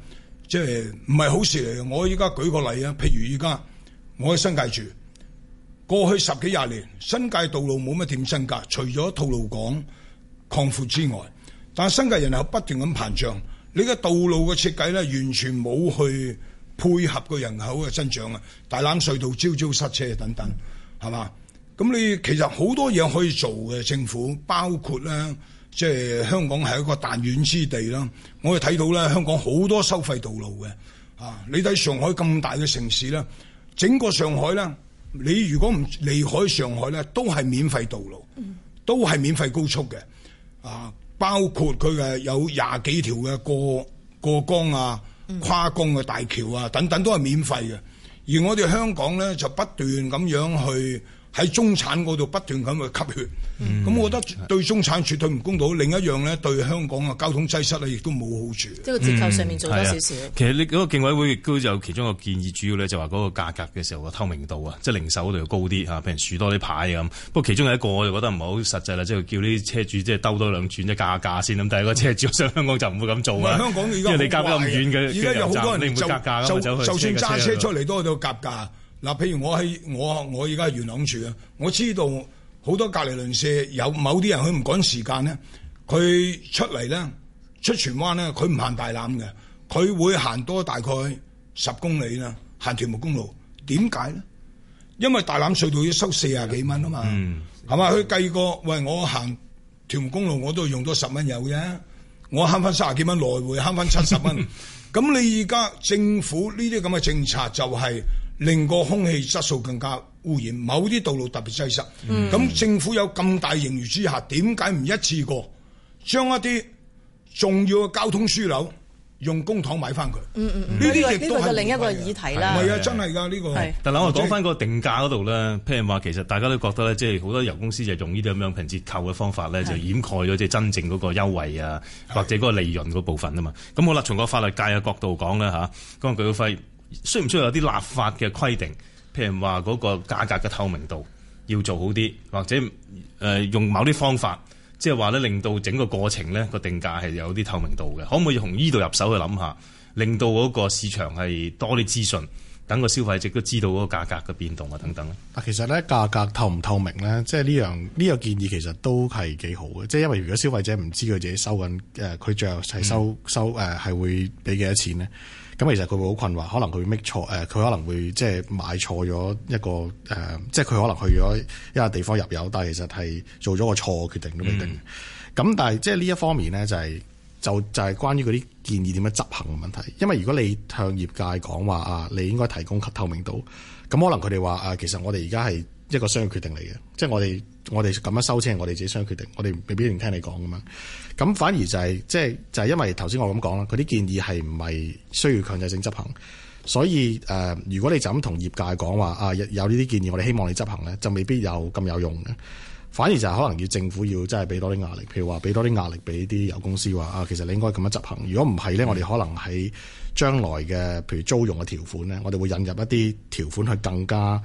即係唔係好事嚟嘅？我依家舉個例啊，譬如依家我喺新界住，過去十幾廿年，新界道路冇乜點增加，除咗吐露港擴闊之外，但係新界人口不斷咁膨脹。你嘅道路嘅設計咧，完全冇去配合個人口嘅增長啊！大欖隧道朝朝塞，塞車等等，係嘛？咁你其實好多嘢可以做嘅，政府包括咧，即係香港係一個彈丸之地啦。我哋睇到咧，香港好多收費道路嘅啊！你睇上海咁大嘅城市咧，整個上海咧，你如果唔離開上海咧都係免費道路，都係免費高速嘅啊！包括佢嘅有廿幾條嘅過過江啊、跨江嘅大橋啊等等都係免費嘅，而我哋香港咧就不斷咁樣去喺中產嗰度不斷咁去吸血，咁我覺得對中產絕對唔公道。另一樣咧對香港嘅交通擠塞咧亦都冇好處。即係個折扣上面做多少少。其實呢嗰個競委會亦都有其中一個建議，主要咧就話嗰個價格嘅時候個透明度啊，即係零售嗰度高啲嚇，譬如樹多啲牌咁。不過其中有一個我就覺得唔係好實際啦，即係叫啲車主即係兜多兩轉即係夾價先咁。但係個車主上香港就唔會咁做香港。因為你夾唔到咁遠嘅，而家有好多人你唔，就就算揸車出嚟都喺度夾價。嗱，譬如我喺我我而家喺元朗住啊，我知道好多隔離鄰舍有某啲人佢唔趕時間咧，佢出嚟咧出荃灣咧，佢唔行大欖嘅，佢會行多大概十公里啦，行屯門公路，點解咧？因為大欖隧道要收四十幾蚊啊嘛，係嘛、嗯？佢計過，喂，我行屯門公路我都用多十蚊油啫，我慳翻卅幾蚊，來回慳翻七十蚊。咁 <laughs> 你而家政府呢啲咁嘅政策就係、是。令個空氣質素更加污染，某啲道路特別擠塞。咁、嗯、政府有咁大盈餘之下，點解唔一次過將一啲重要嘅交通樞紐用公帑買翻佢？呢啲亦都係另一個議題啦。係啊，真係㗎，呢個係。但係是，我講翻個定價嗰度咧，譬如話，其實大家都覺得咧，即係好多油公司就用呢啲咁樣平折扣嘅方法咧，就掩蓋咗即係真正嗰個優惠啊，或者嗰個利潤嗰部分啊嘛。咁好啦，從個法律界嘅角度講咧嚇，咁啊，舉高飛。需唔需要有啲立法嘅規定？譬如話嗰個價格嘅透明度要做好啲，或者誒用某啲方法，即係話咧令到整個過程咧個定價係有啲透明度嘅。可唔可以從依度入手去諗下，令到嗰個市場係多啲資訊，等個消費者都知道嗰個價格嘅變動啊等等咧？嗱，其實咧價格透唔透明咧，即係呢樣呢個建議其實都係幾好嘅。即係因為如果消費者唔知佢自己收緊誒，佢最後係收、嗯、收誒係、呃、會俾幾多錢咧？咁其實佢會好困惑，可能佢會 make 錯誒，佢可能會即係買錯咗一個誒、呃，即係佢可能去咗一個地方入油，但係其實係做咗個錯決定都未定。咁、嗯、但係即係呢一方面咧、就是，就係就就係關於嗰啲建議點樣執行嘅問題。因為如果你向業界講話啊，你應該提供透明度，咁可能佢哋話啊，其實我哋而家係一個商業決定嚟嘅，即係我哋。我哋咁樣收車，我哋自己商決定。我哋未必一定聽你講噶嘛。咁反而就係、是，即係就係、是、因為頭先我咁講啦，佢啲建議係唔係需要強制性執行，所以誒、呃，如果你就咁同業界講話啊，有呢啲建議，我哋希望你執行咧，就未必有咁有用嘅。反而就係可能要政府要真係俾多啲壓力，譬如話俾多啲壓力俾啲油公司，話啊，其實你應該咁樣執行。如果唔係咧，我哋可能喺將來嘅譬如租用嘅條款咧，我哋會引入一啲條款去更加。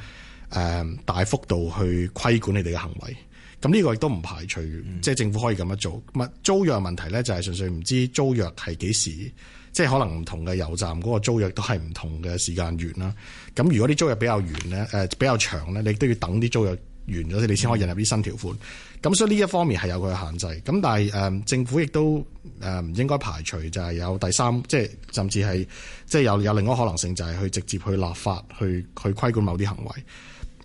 誒，大幅度去規管你哋嘅行為，咁呢個亦都唔排除，即係、嗯、政府可以咁樣做。咁啊租約問題咧，就係純粹唔知租約係幾時，即係可能唔同嘅油站嗰個租約都係唔同嘅時間完啦。咁如果啲租約比較完咧，誒、呃、比較長咧，你都要等啲租約完咗先，你先可以引入啲新條款。咁、嗯、所以呢一方面係有佢嘅限制。咁但係誒政府亦都誒唔應該排除，就係有第三，即、就、係、係、甚至係即係有有另一個可能性，就係去直接去立法去去規管某啲行為。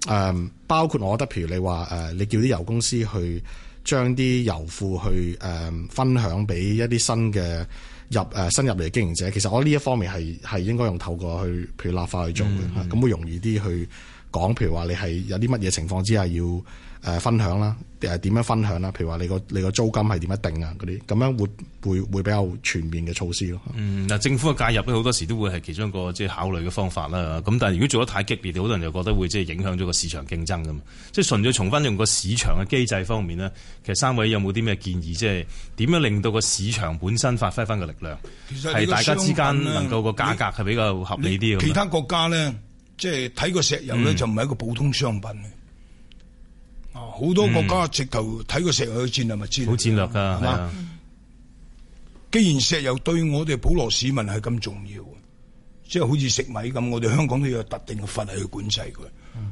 誒包括我覺得，譬如你話誒，你叫啲油公司去將啲油庫去誒分享俾一啲新嘅入誒新入嚟嘅經營者，其實我呢一方面係係應該用透過去譬如立法去做嘅，咁、mm hmm. 會容易啲去講，譬如話你係有啲乜嘢情況之下要。誒、呃、分享啦，定係點樣分享啦？譬如話你個你個租金係點樣定啊？嗰啲咁樣會會會比較全面嘅措施咯。嗯，嗱，政府嘅介入咧好多時都會係其中一個即係考慮嘅方法啦。咁但係如果做得太激烈，好多人就覺得會即係影響咗個市場競爭咁。即係純粹重翻用個市場嘅機制方面呢，其實三位有冇啲咩建議？即係點樣令到個市場本身發揮翻個力量，係大家之間能夠個價格係比較合理啲嘅。其他國家咧，即係睇個石油咧、嗯、就唔係一個普通商品。好多國家直頭睇個石油嘅戰略物資，好戰略噶，係嘛？啊、的既然石油對我哋普羅市民係咁重要，即係好似食米噉，我哋香港都有特定嘅法例去管制佢。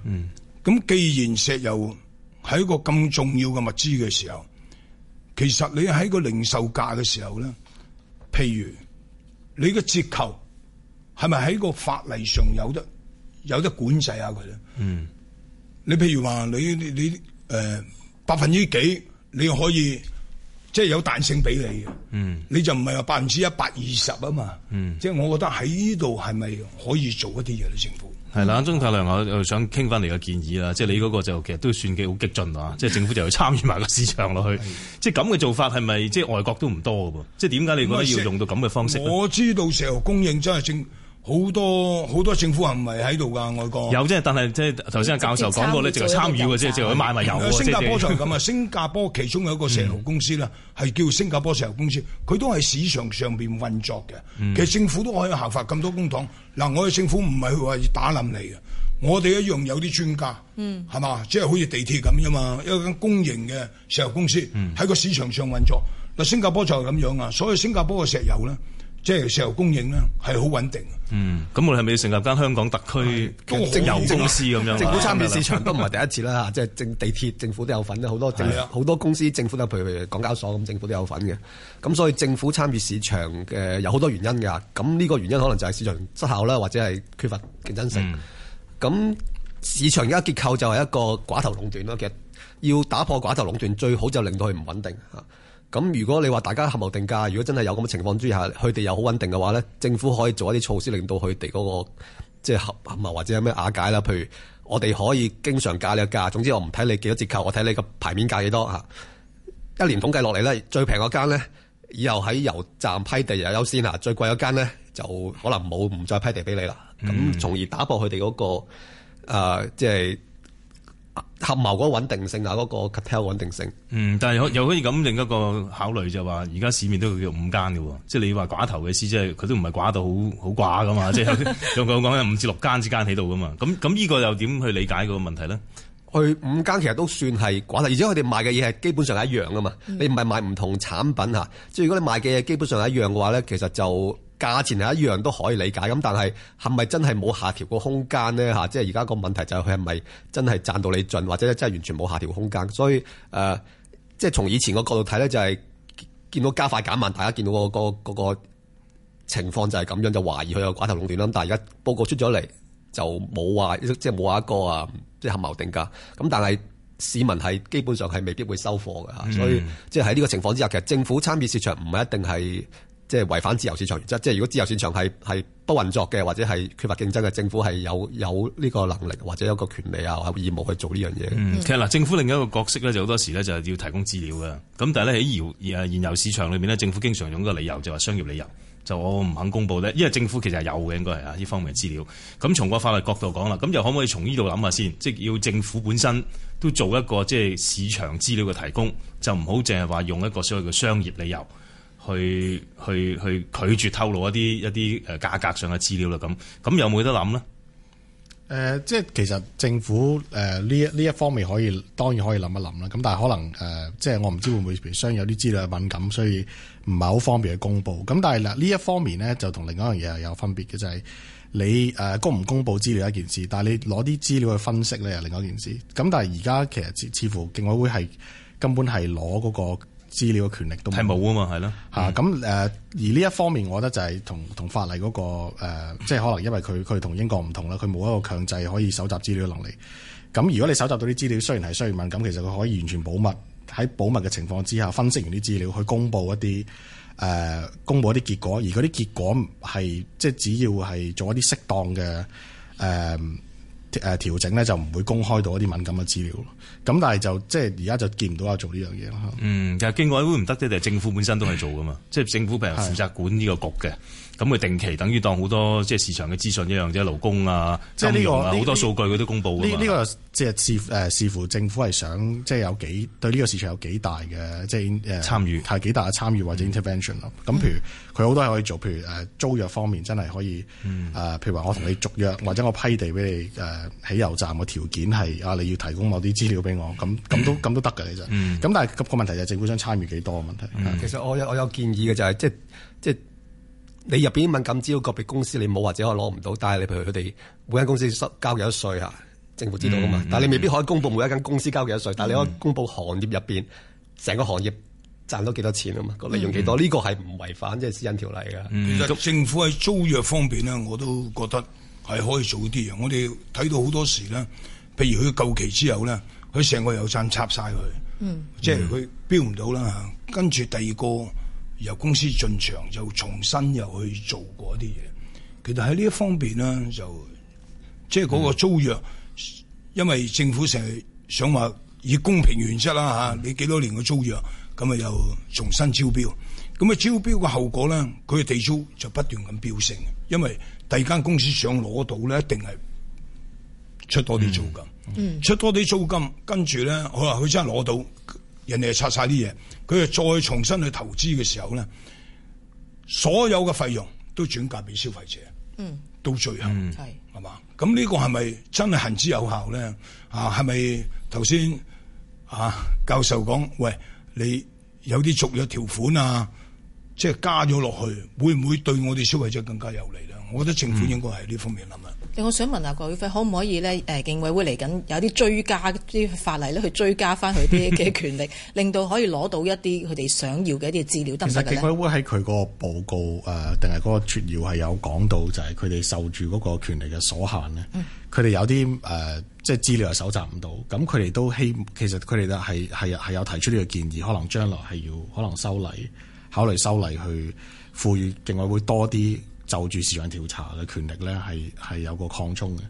嗯，咁既然石油係一個咁重要嘅物資嘅時候，其實你喺個零售價嘅時候咧，譬如你嘅折扣係咪喺個法例上有得有得管制下佢咧？嗯，你譬如話你你。你你你誒、呃，百分之幾你可以即係有彈性俾你嘅，嗯、你就唔係話百分之一百二十啊嘛，嗯、即係我覺得喺呢度係咪可以做一啲嘢咧？政府係啦，莊太量，我又想傾翻你嘅建議啦，即係你嗰個就其實都算幾好激進啊，即係政府就要參與埋個市場落去，即係咁嘅做法係咪即係外國都唔多嘅噃？即係點解你覺得要用到咁嘅方式咧？我知道石油供應真係正。好多好多政府係唔係喺度噶，外國有啫，但係即係頭先阿教授講過咧，就參與嘅，即係就去賣埋油。新加坡就係咁啊， <laughs> 新加坡其中有一個石油公司啦，係、嗯、叫新加坡石油公司，佢都係市場上邊運作嘅。嗯、其實政府都可以效法咁多公帑。嗱、嗯，我哋政府唔係話要打冧你嘅，我哋一樣有啲專家，嗯，係嘛，即、就、係、是、好似地鐵咁啫嘛，一間公營嘅石油公司，喺個、嗯、市場上運作。嗱，新加坡就係咁樣啊，所以新加坡嘅石油咧。即係石油供應咧，係好穩定。嗯，咁我哋係咪要成立間香港特區公有公司咁樣？政府參與市場都唔係第一次啦嚇， <laughs> 即係政地鐵政府都有份好多好 <laughs> 多公司政府都有，譬如港交所咁，政府都有份嘅。咁所以政府參與市場嘅有好多原因㗎。咁呢個原因可能就係市場失效啦，或者係缺乏競爭性。咁、嗯、市場而家結構就係一個寡頭壟斷囉。其實要打破寡頭壟斷，最好就令到佢唔穩定嚇。咁如果你話大家合謀定價，如果真係有咁嘅情況之下，佢哋又好穩定嘅話咧，政府可以做一啲措施，令到佢哋嗰個即係合合謀或者有咩瓦解啦。譬如我哋可以經常價你個價，總之我唔睇你幾多折扣，我睇你個牌面價幾多啊。一年統計落嚟咧，最平嗰間咧，以後喺油站批地又優先啊。最貴嗰間咧，就可能冇唔再批地俾你啦。咁從而打破佢哋嗰個誒即係。呃就是合謀嗰個穩定性啊，嗰、嗰個 cartel 穩定性嗯，但係又可以咁另一個考慮就話，而家市面都叫五間嘅，即係你話寡頭嘅意思， <laughs> 即係佢都唔係寡到好好寡噶嘛，即係用講講講五至六間之間喺度噶嘛。咁咁呢個又點去理解嗰個問題咧？去五間其實都算係寡頭，而且佢哋賣嘅嘢係基本上係一樣噶嘛。你唔係賣唔同產品吓，即係如果你賣嘅嘢基本上係一樣嘅話咧，其實就。價錢係一樣都可以理解，咁但係係咪真係冇下調個空間呢？嚇，即係而家個問題就係佢係咪真係賺到你盡，或者真係完全冇下調空間？所以誒、呃，即係從以前個角度睇呢，就係、是、見到加快減慢，大家見到、嗰個、嗰個嗰、嗰個情況就係咁樣，就懷疑佢有寡頭壟斷啦。但係而家報告出咗嚟，就冇話即係冇話一個啊，即係合謀定價。咁但係市民係基本上係未必會收貨嘅嚇，所以即係喺呢個情況之下，其實政府參與市場唔係一定係。即係違反自由市場原則，即係如果自由市場係係不運作嘅，或者係缺乏競爭嘅，政府係有有呢個能力或者有個權利啊，或義務去做呢樣嘢。嗯，其實嗱，政府另一個角色咧，就好多時咧，就係要提供資料嘅。咁但係咧喺燃誒燃油市場裏面咧，政府經常用一個理由就係、是、商業理由，就我唔肯公布咧，因為政府其實係有嘅，應該係啊呢方面嘅資料。咁從個法律角度講啦，咁又可唔可以從呢度諗下先？即係要政府本身都做一個即係、就是、市場資料嘅提供，就唔好淨係話用一個所謂嘅商業理由。去去去拒絕透露一啲一啲誒價格上嘅資料啦，咁咁有冇得諗呢誒、呃，即係其實政府誒呢、呃、一呢一方面可以當然可以諗一諗啦。咁但係可能誒、呃，即係我唔知會唔會譬如商有啲資料敏感，所以唔係好方便去公布。咁但係嗱，呢一方面咧就同另一樣嘢係有分別嘅，就係、是、你誒、呃、公唔公佈資料一件事，但係你攞啲資料去分析咧又另一件事。咁但係而家其實似乎競委會係根本係攞嗰個資料嘅權力都係冇啊嘛，係咯嚇咁誒。而呢一方面，我覺得就係同同法例嗰、那個、呃、即係可能因為佢佢同英國唔同啦，佢冇一個強制可以搜集資料嘅能力。咁如果你搜集到啲資料，雖然係需要敏感，咁其實佢可以完全保密。喺保密嘅情況之下，分析完啲資料，去公佈一啲誒、呃、公佈一啲結果。而嗰啲結果係即係只要係做一啲適當嘅誒。呃誒調整咧就唔會公開到一啲敏感嘅資料咯，咁但係就即係而家就見唔到阿做呢樣嘢啦。嗯，其實經過會唔得啫，就係政府本身都係做噶嘛， <laughs> 即係政府譬如負責管呢個局嘅。咁佢定期，等於當好多即係市場嘅資訊一樣，即係勞工啊、金融啊好多數據佢都公布。呢呢個即係視誒視乎政府係想即係有幾對呢個市場有幾大嘅即係誒參與係幾大嘅參與或者 intervention 咯。咁譬如佢好多嘢可以做，譬如誒租約方面真係可以誒，譬如話我同你續約或者我批地俾你誒起油站嘅條件係啊，你要提供某啲資料俾我，咁咁都咁都得㗎其實。咁但係個問題就係政府想參與幾多嘅問題。其實我有我有建議嘅就係即係即係。你入邊敏感資料個別公司你冇或者我攞唔到，但係你譬如佢哋每間公司收交幾多稅啊？政府知道啊嘛，嗯嗯、但係你未必可以公布每一間公司交幾多稅，嗯、但係你可以公布行業入邊成個行業賺到幾多錢啊嘛，嗯、個利用幾多呢個係唔違反即係、就是、私隱條例㗎。嗯嗯、其實政府喺租約方面咧，我都覺得係可以做啲嘅。我哋睇到好多時咧，譬如佢夠期之後咧，佢成個油站插晒佢，即係佢標唔到啦。跟住第二個。由公司進場就重新又去做過啲嘢，其實喺呢一方面咧，就即係嗰個租約，嗯、因為政府成日想話以公平原則啦吓，你幾多年嘅租約，咁啊又重新招標，咁啊招標嘅後果咧，佢嘅地租就不斷咁飆升，因為第二間公司想攞到咧，一定係出多啲租金，嗯嗯、出多啲租金，跟住咧，好啦，佢真係攞到。人哋又拆晒啲嘢，佢又再重新去投資嘅時候咧，所有嘅費用都轉嫁俾消費者。嗯，到最後，係係嘛？咁呢、嗯、個係咪真係行之有效咧？啊，係咪頭先啊教授講，喂，你有啲續約條款啊，即、就、係、是、加咗落去，會唔會對我哋消費者更加有利咧？我覺得政府應該係呢方面諗。嗯我想問下郭曉暉可唔可以咧？誒，競委會嚟緊有啲追加啲法例咧，去追加翻佢啲嘅權力， <laughs> 令到可以攞到一啲佢哋想要嘅一啲資料得唔得咧？其實競委會喺佢個報告誒，定係嗰個摘要係有講到，就係佢哋受住嗰個權力嘅所限咧。佢哋有啲誒，即係資料係搜集唔到，咁佢哋都希其實佢哋都係係係有提出呢個建議，可能將來係要、嗯、可能修例，考慮修例去賦予競委會多啲。就住市場調查嘅權力咧，係係有個擴充嘅。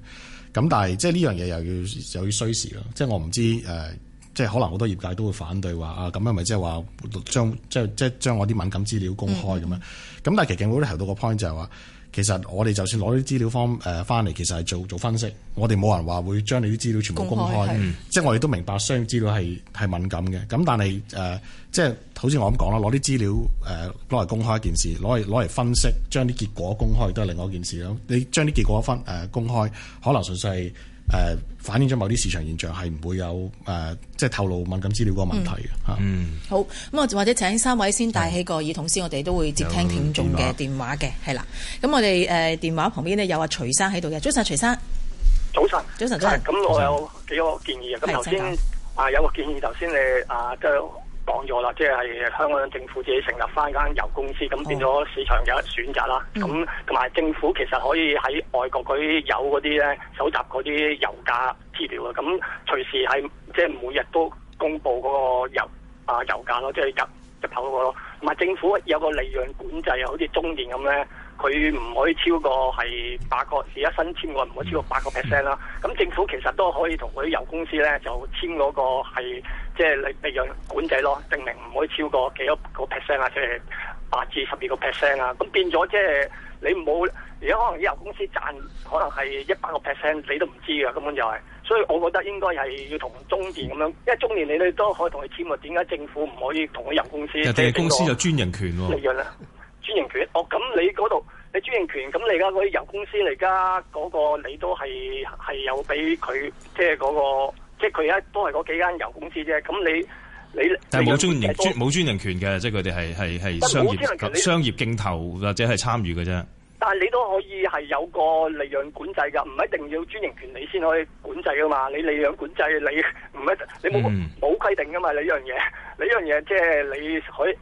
咁但係即係呢樣嘢又要又要需時咯。即係我唔知誒，即係可能好多業界都會反對話啊，咁樣係咪即係話將即係即係將我啲敏感資料公開咁樣。咁、嗯嗯、但係其實會都提到個 point 就係、是、話。其實我哋就算攞啲資料方誒翻嚟，其實係做做分析。我哋冇人話會將你啲資料全部公開，公開即係我哋都明白商業資料係係敏感嘅。咁但係誒，即、呃、係、就是、好似我咁講啦，攞啲資料誒攞嚟公開一件事，攞嚟攞嚟分析，將啲結果公開都係另外一件事咯。你將啲結果分、呃、公開，可能純粹係。誒、呃、反映咗某啲市場現象，係唔會有誒、呃、即係透露敏感資料個問題嘅嚇。嗯，嗯，好，咁，我或者請三位先戴起個耳筒先，嗯、我哋都會接聽聽眾嘅電話嘅，係啦。咁我哋誒電話旁邊呢，有阿、啊、徐生喺度嘅，早晨，徐生。早晨，早晨，早晨。咁我有幾個建議啊。咁頭先啊，有個建議，頭先你啊，啊講咗啦，即係香港政府自己成立翻間油公司，咁、oh. 變咗市場有得選擇啦。咁同埋政府其實可以喺外國啲有嗰啲咧搜集嗰啲油價資料嘅，咁隨時係即係每日都公布嗰個油啊油價咯，即係入入口嗰個咯。同埋政府有個利潤管制啊，好似中電咁咧。佢唔可以超過係八個，你一新簽個唔可以超過八個 percent 啦。咁、啊嗯、政府其實都可以同佢啲油公司咧，就簽嗰個係即係利利潤管制咯，證明唔可以超過幾多個 percent 啊，即係八至十二個 percent 啊。咁變咗即係你唔好，而家可能油公司賺可能係一百個 percent，你都唔知嘅根本就係、是。所以我覺得應該係要同中電咁樣，嗯、因為中電你哋都可以同佢簽啊。點解政府唔可以同佢油公司？石油公司有，有專營權喎、啊。專營權，哦，咁你嗰度，你專營權，咁你而家嗰啲油公司嚟㗎，嗰個你都係係有俾佢，即係嗰、嗰個，即係佢而家都係嗰幾間油公司啫。咁你你，你但係冇專營冇專營權嘅，即係佢哋係係係商業商業競投或者係參與嘅啫。但係你都可以係有個利潤管制㗎，唔一定要專營權你先可以管制㗎嘛。你利潤管制你唔一定，你冇冇、嗯、規定㗎嘛？你呢樣嘢你呢樣嘢即係你佢。你可以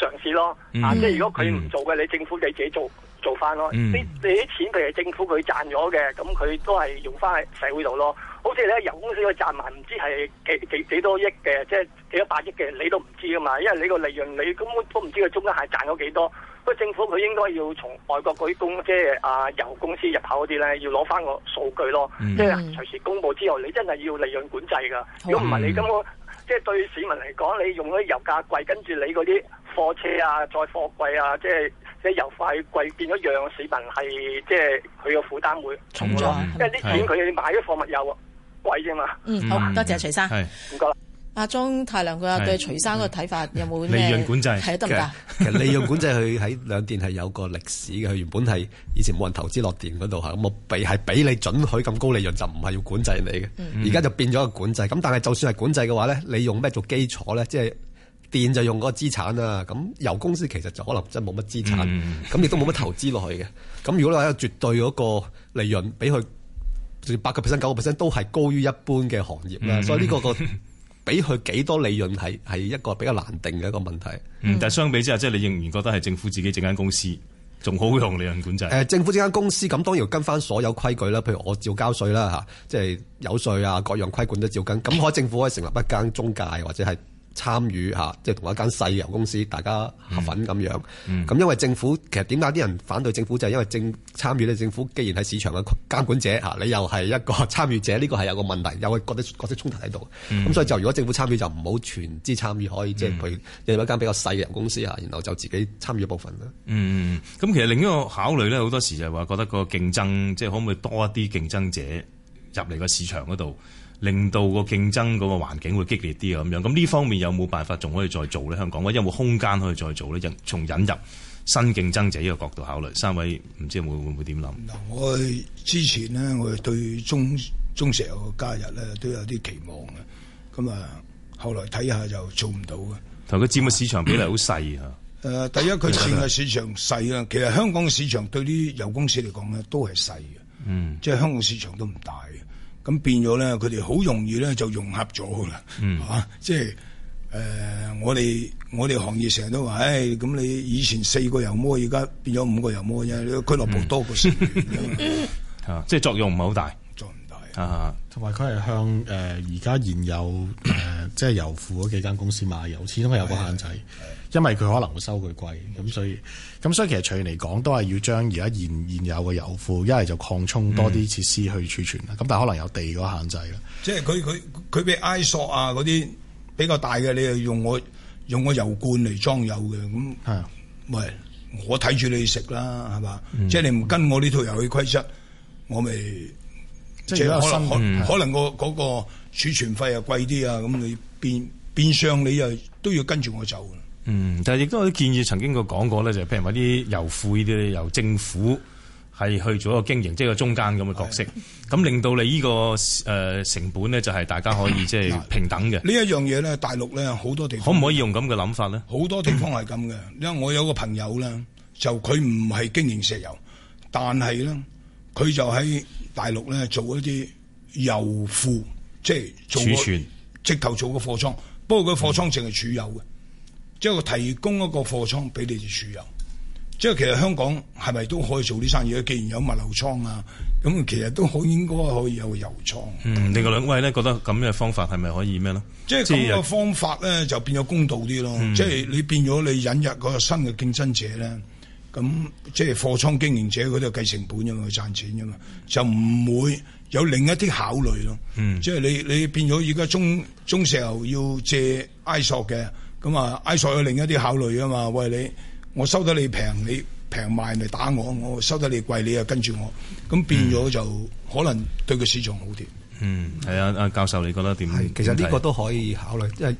嘗試咯，嗯、啊，即係如果佢唔做嘅，嗯、你政府你自己做做翻咯。嗯、你你啲錢譬如政府佢賺咗嘅，咁佢都係用翻喺社會度咯。好似你喺油公司佢賺埋唔知係幾幾幾多億嘅，即係幾多百億嘅，你都唔知噶嘛。因為你個利潤你根本都唔知佢中間係賺咗幾多。不過政府佢應該要從外國嗰啲公，即係啊油公司入口嗰啲咧，要攞翻個數據咯。嗯、即係隨時公佈之後，你真係要利潤管制噶。如果唔係你根本……嗯即係對市民嚟講，你用嗰啲油價貴，跟住你嗰啲貨車啊、載貨櫃啊，即係即係油費貴，變咗讓市民係即係佢個負擔會重咗，嗯啊、因為啲錢佢買啲貨物又貴啫嘛。嗯，好，嗯，多謝徐生，唔該是。謝謝。阿莊太量佢話對徐生嗰個睇法有冇利潤管制係得唔得？行行其實利潤管制佢喺兩電係有個歷史嘅，佢 <laughs> 原本係以前冇人投資落電嗰度嚇，咁我俾係俾你准許咁高利潤就唔係要管制你嘅，而家就變咗個管制。咁但係就算係管制嘅話咧，你用咩做基礎咧？即係電就用嗰個資產啦。咁油公司其實就可能真係冇乜資產，咁亦都冇乜投資落去嘅。咁如果你話一個絕對嗰個利潤俾佢，八個 percent、九個 percent 都係高於一般嘅行業啦。所以呢個個。 <laughs> 俾佢幾多利潤係係一個比較難定嘅一個問題。嗯，但係相比之下，即係你仍然覺得係政府自己整間公司仲好用利潤管制。誒、呃，政府整間公司咁當然要跟翻所有規矩啦，譬如我照交稅啦嚇，即、啊、係、即係、有稅啊各樣規管都照跟。咁、啊、可政府可以成立一間中介或者係。參與嚇，即係同一間細油公司，大家合份咁樣。咁、嗯嗯、因為政府其實點解啲人反對政府，就係、是、因為政參與咧。政府既然係市場嘅監管者嚇，你又係一個參與者，呢個係有個問題，有個角色角色衝突喺度。咁、嗯、所以就如果政府參與，就唔好全資參與，可以即係譬如一間比較細嘅公司嚇，然後就自己參與一部分啦。嗯，咁其實另一個考慮咧，好多時就係話覺得個競爭，即係可唔可以多一啲競爭者入嚟個市場嗰度，令到個競爭嗰個環境會激烈啲啊咁樣，咁呢方面有冇辦法仲可以再做咧？香港或者有冇空間可以再做咧？從引入新競爭者呢個角度考慮，三位唔知會會唔會點諗？嗱，我之前呢，我對中中石油嘅加入咧都有啲期望嘅，咁啊，後來睇下就做唔到嘅。同佢佔嘅市場比例好細啊。誒， <coughs> 第一佢佔嘅市場細啊，其實香港市場對啲油公司嚟講咧都係細嘅，嗯，即係香港市場都唔大嘅。咁變咗咧，佢哋好容易咧就融合咗噶啦，嚇、嗯啊！即係誒、呃，我哋我哋行業成日都話，誒、哎、咁你以前四個油模，而家變咗五個油模，因為俱樂部多個先，啊！即係作用唔係好大，作用唔大啊！同埋佢係向誒而家、呃呃就是、現有誒，即係油庫嗰幾間公司買油，始終係有個限制。係嘅。因為佢可能會收佢貴，咁所以咁所以其實，從嚟講都係要將而家現現有嘅油庫一係就擴充多啲設施去儲存啦。咁、嗯、但係可能有地個限制啦。即係佢佢佢俾埃索啊嗰啲比較大嘅，你係用我用個油罐嚟裝油嘅咁係啊。喂，我睇住你食啦，係嘛？嗯、即係你唔跟我呢套遊戲規則，我咪即係可能、嗯、可能個嗰是的、嗰個儲存費又貴啲啊。咁你變變相你又都要跟住我走。嗯，但係亦都建議曾經佢講過咧，就譬如話啲油庫呢啲由政府係去做一個經營，即係個中間咁嘅角色，咁的令到你呢、呢個誒、呃、成本咧就係大家可以即係 <coughs> 平等嘅。呢一樣嘢咧，大陸咧好多地方可唔可以用咁嘅諗法咧？好多地方係咁嘅，嗯、因為我有個朋友咧，就佢唔係經營石油，但係咧佢就喺大陸咧做一啲油庫，即係儲存，直頭做個貨倉，不過佢貨倉淨係儲油嘅。即係提供一個貨倉俾你哋儲油，即係其實香港係咪都可以做啲生意？既然有物流倉啊，咁其實都好應該可以有個油倉。嗯，另外兩位咧覺得咁嘅方法係咪可以咩咧？即係咁嘅方法咧就變咗公道啲咯。嗯、即係你變咗你引入個新嘅競爭者咧，咁即係貨倉經營者佢都計成本嘅嘛，賺錢嘅嘛，就唔會有另一啲考慮咯。嗯、即係你你變咗而家中中石油要借埃索嘅。咁啊，I 索有另一啲考慮啊嘛，喂，你，我收得你平，你平賣嚟打我，我收得你貴，你又跟住我，咁變咗就可能對個市場好啲，嗯。嗯，係啊，阿教授你覺得點？係，其實呢個都可以考慮，因為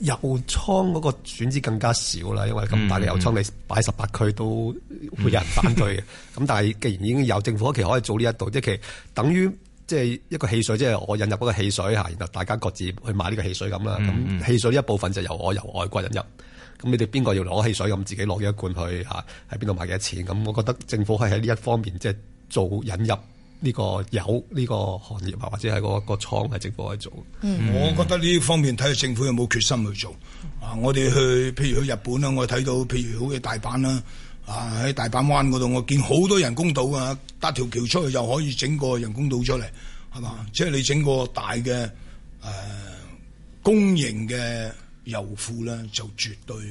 油倉嗰個選址更加少啦，因為咁大嘅油，嗯，倉你擺十八區都會有人反對嘅。咁，嗯嗯、 <laughs> 但係既然已經有政府一期可以做呢一度，即係其實等於。即係一個汽水，即係我引入嗰個汽水嚇，然後大家各自去買呢個汽水咁啦。咁、嗯、汽水一部分就由我由外國引入，咁你哋邊個要攞汽水咁自己攞一罐去嚇，喺邊度買幾多錢？咁、嗯、我覺得政府可以喺呢一方面即係做引入呢個油呢個行業啊，或者喺個個廠係政府喺做。嗯、我覺得呢方面睇下政府有冇決心去做。啊，我哋去，譬如去日本啦，我睇到譬如好嘅大阪啦。啊！喺大阪灣嗰度，我見好多人工島啊，搭條橋出去又可以整個人工島出嚟，係嘛？即係你整個大嘅誒、呃、公營嘅油庫咧，就絕對係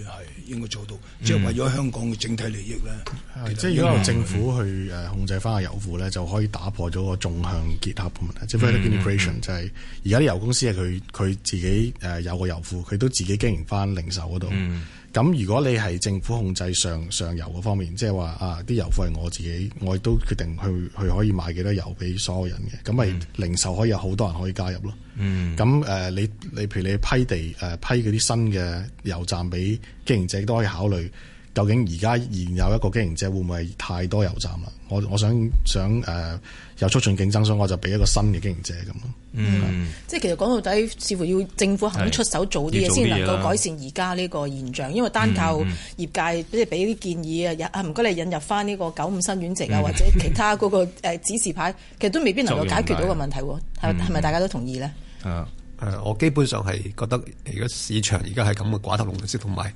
應該做到，即係、嗯、為咗香港嘅整體利益咧。嗯、即係如果由政府去誒控制翻個油庫咧，就可以打破咗個縱向結合嘅問題。即係 integration 就係而家啲油公司係佢佢自己誒有個油庫，佢都自己經營翻零售嗰度。嗯嗯咁如果你係政府控制上上游嗰方面，即係話啊啲油費係我自己，我亦都決定去去可以買幾多油俾所有人嘅，咁咪、嗯、零售可以有好多人可以加入咯。咁誒、嗯，你你譬如你批地誒、呃、批嗰啲新嘅油站俾經營者都可以考慮。究竟而家現有一個經營者會唔會係太多油站啦？我我想想誒、呃，有促進競爭，所以我就俾一個新嘅經營者咁咯。嗯、的即係其實講到底，似乎要政府肯出手做啲嘢，先能夠改善而家呢個現象。因為單靠業界即係俾啲建議、嗯、啊，唔該你引入翻呢個九五辛烷值啊，嗯、或者其他嗰個指示牌，其實都未必能夠解決到個問題。係係咪大家都同意呢？誒我、嗯呃呃呃、基本上係覺得如果市場而家係咁嘅寡頭壟斷同埋。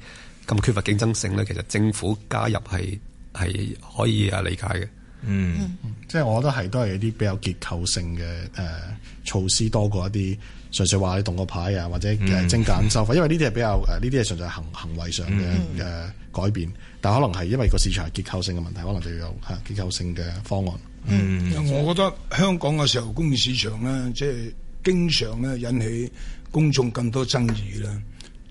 咁缺乏競爭性咧，其實政府加入係係可以啊理解嘅。嗯， <noise> 即係我覺得係都係一啲比較結構性嘅誒、呃、措施多過一啲，純粹話你動個牌啊，或者誒、嗯啊、精簡收費，因為呢啲係比較誒，呢啲係純粹行行為上嘅誒改變。嗯嗯、但可能係因為個市場係結構性嘅問題，可能就要有嚇結構性嘅方案。嗯，嗯我覺得香港嘅石油供應市場咧，即係經常咧引起公眾更多爭議啦。嗯嗯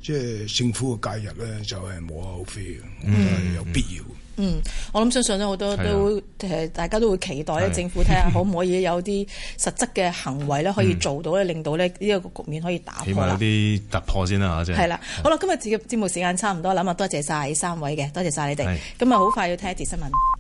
即係政府嘅介入咧，就係無可厚非，咁係有必要。嗯，我諗相信咧，好多都誒，啊、大家都會期待咧的，政府睇下可唔可以有啲實質嘅行為咧，可以做到咧， <laughs> 令到咧呢一個局面可以打破啦。起碼有啲突破先啦，吓，即係的。係啦的，好啦，今日節目節目時間差唔多，諗啊，多謝晒三位嘅，多謝晒你哋。咁啊的，好快要聽一節新聞。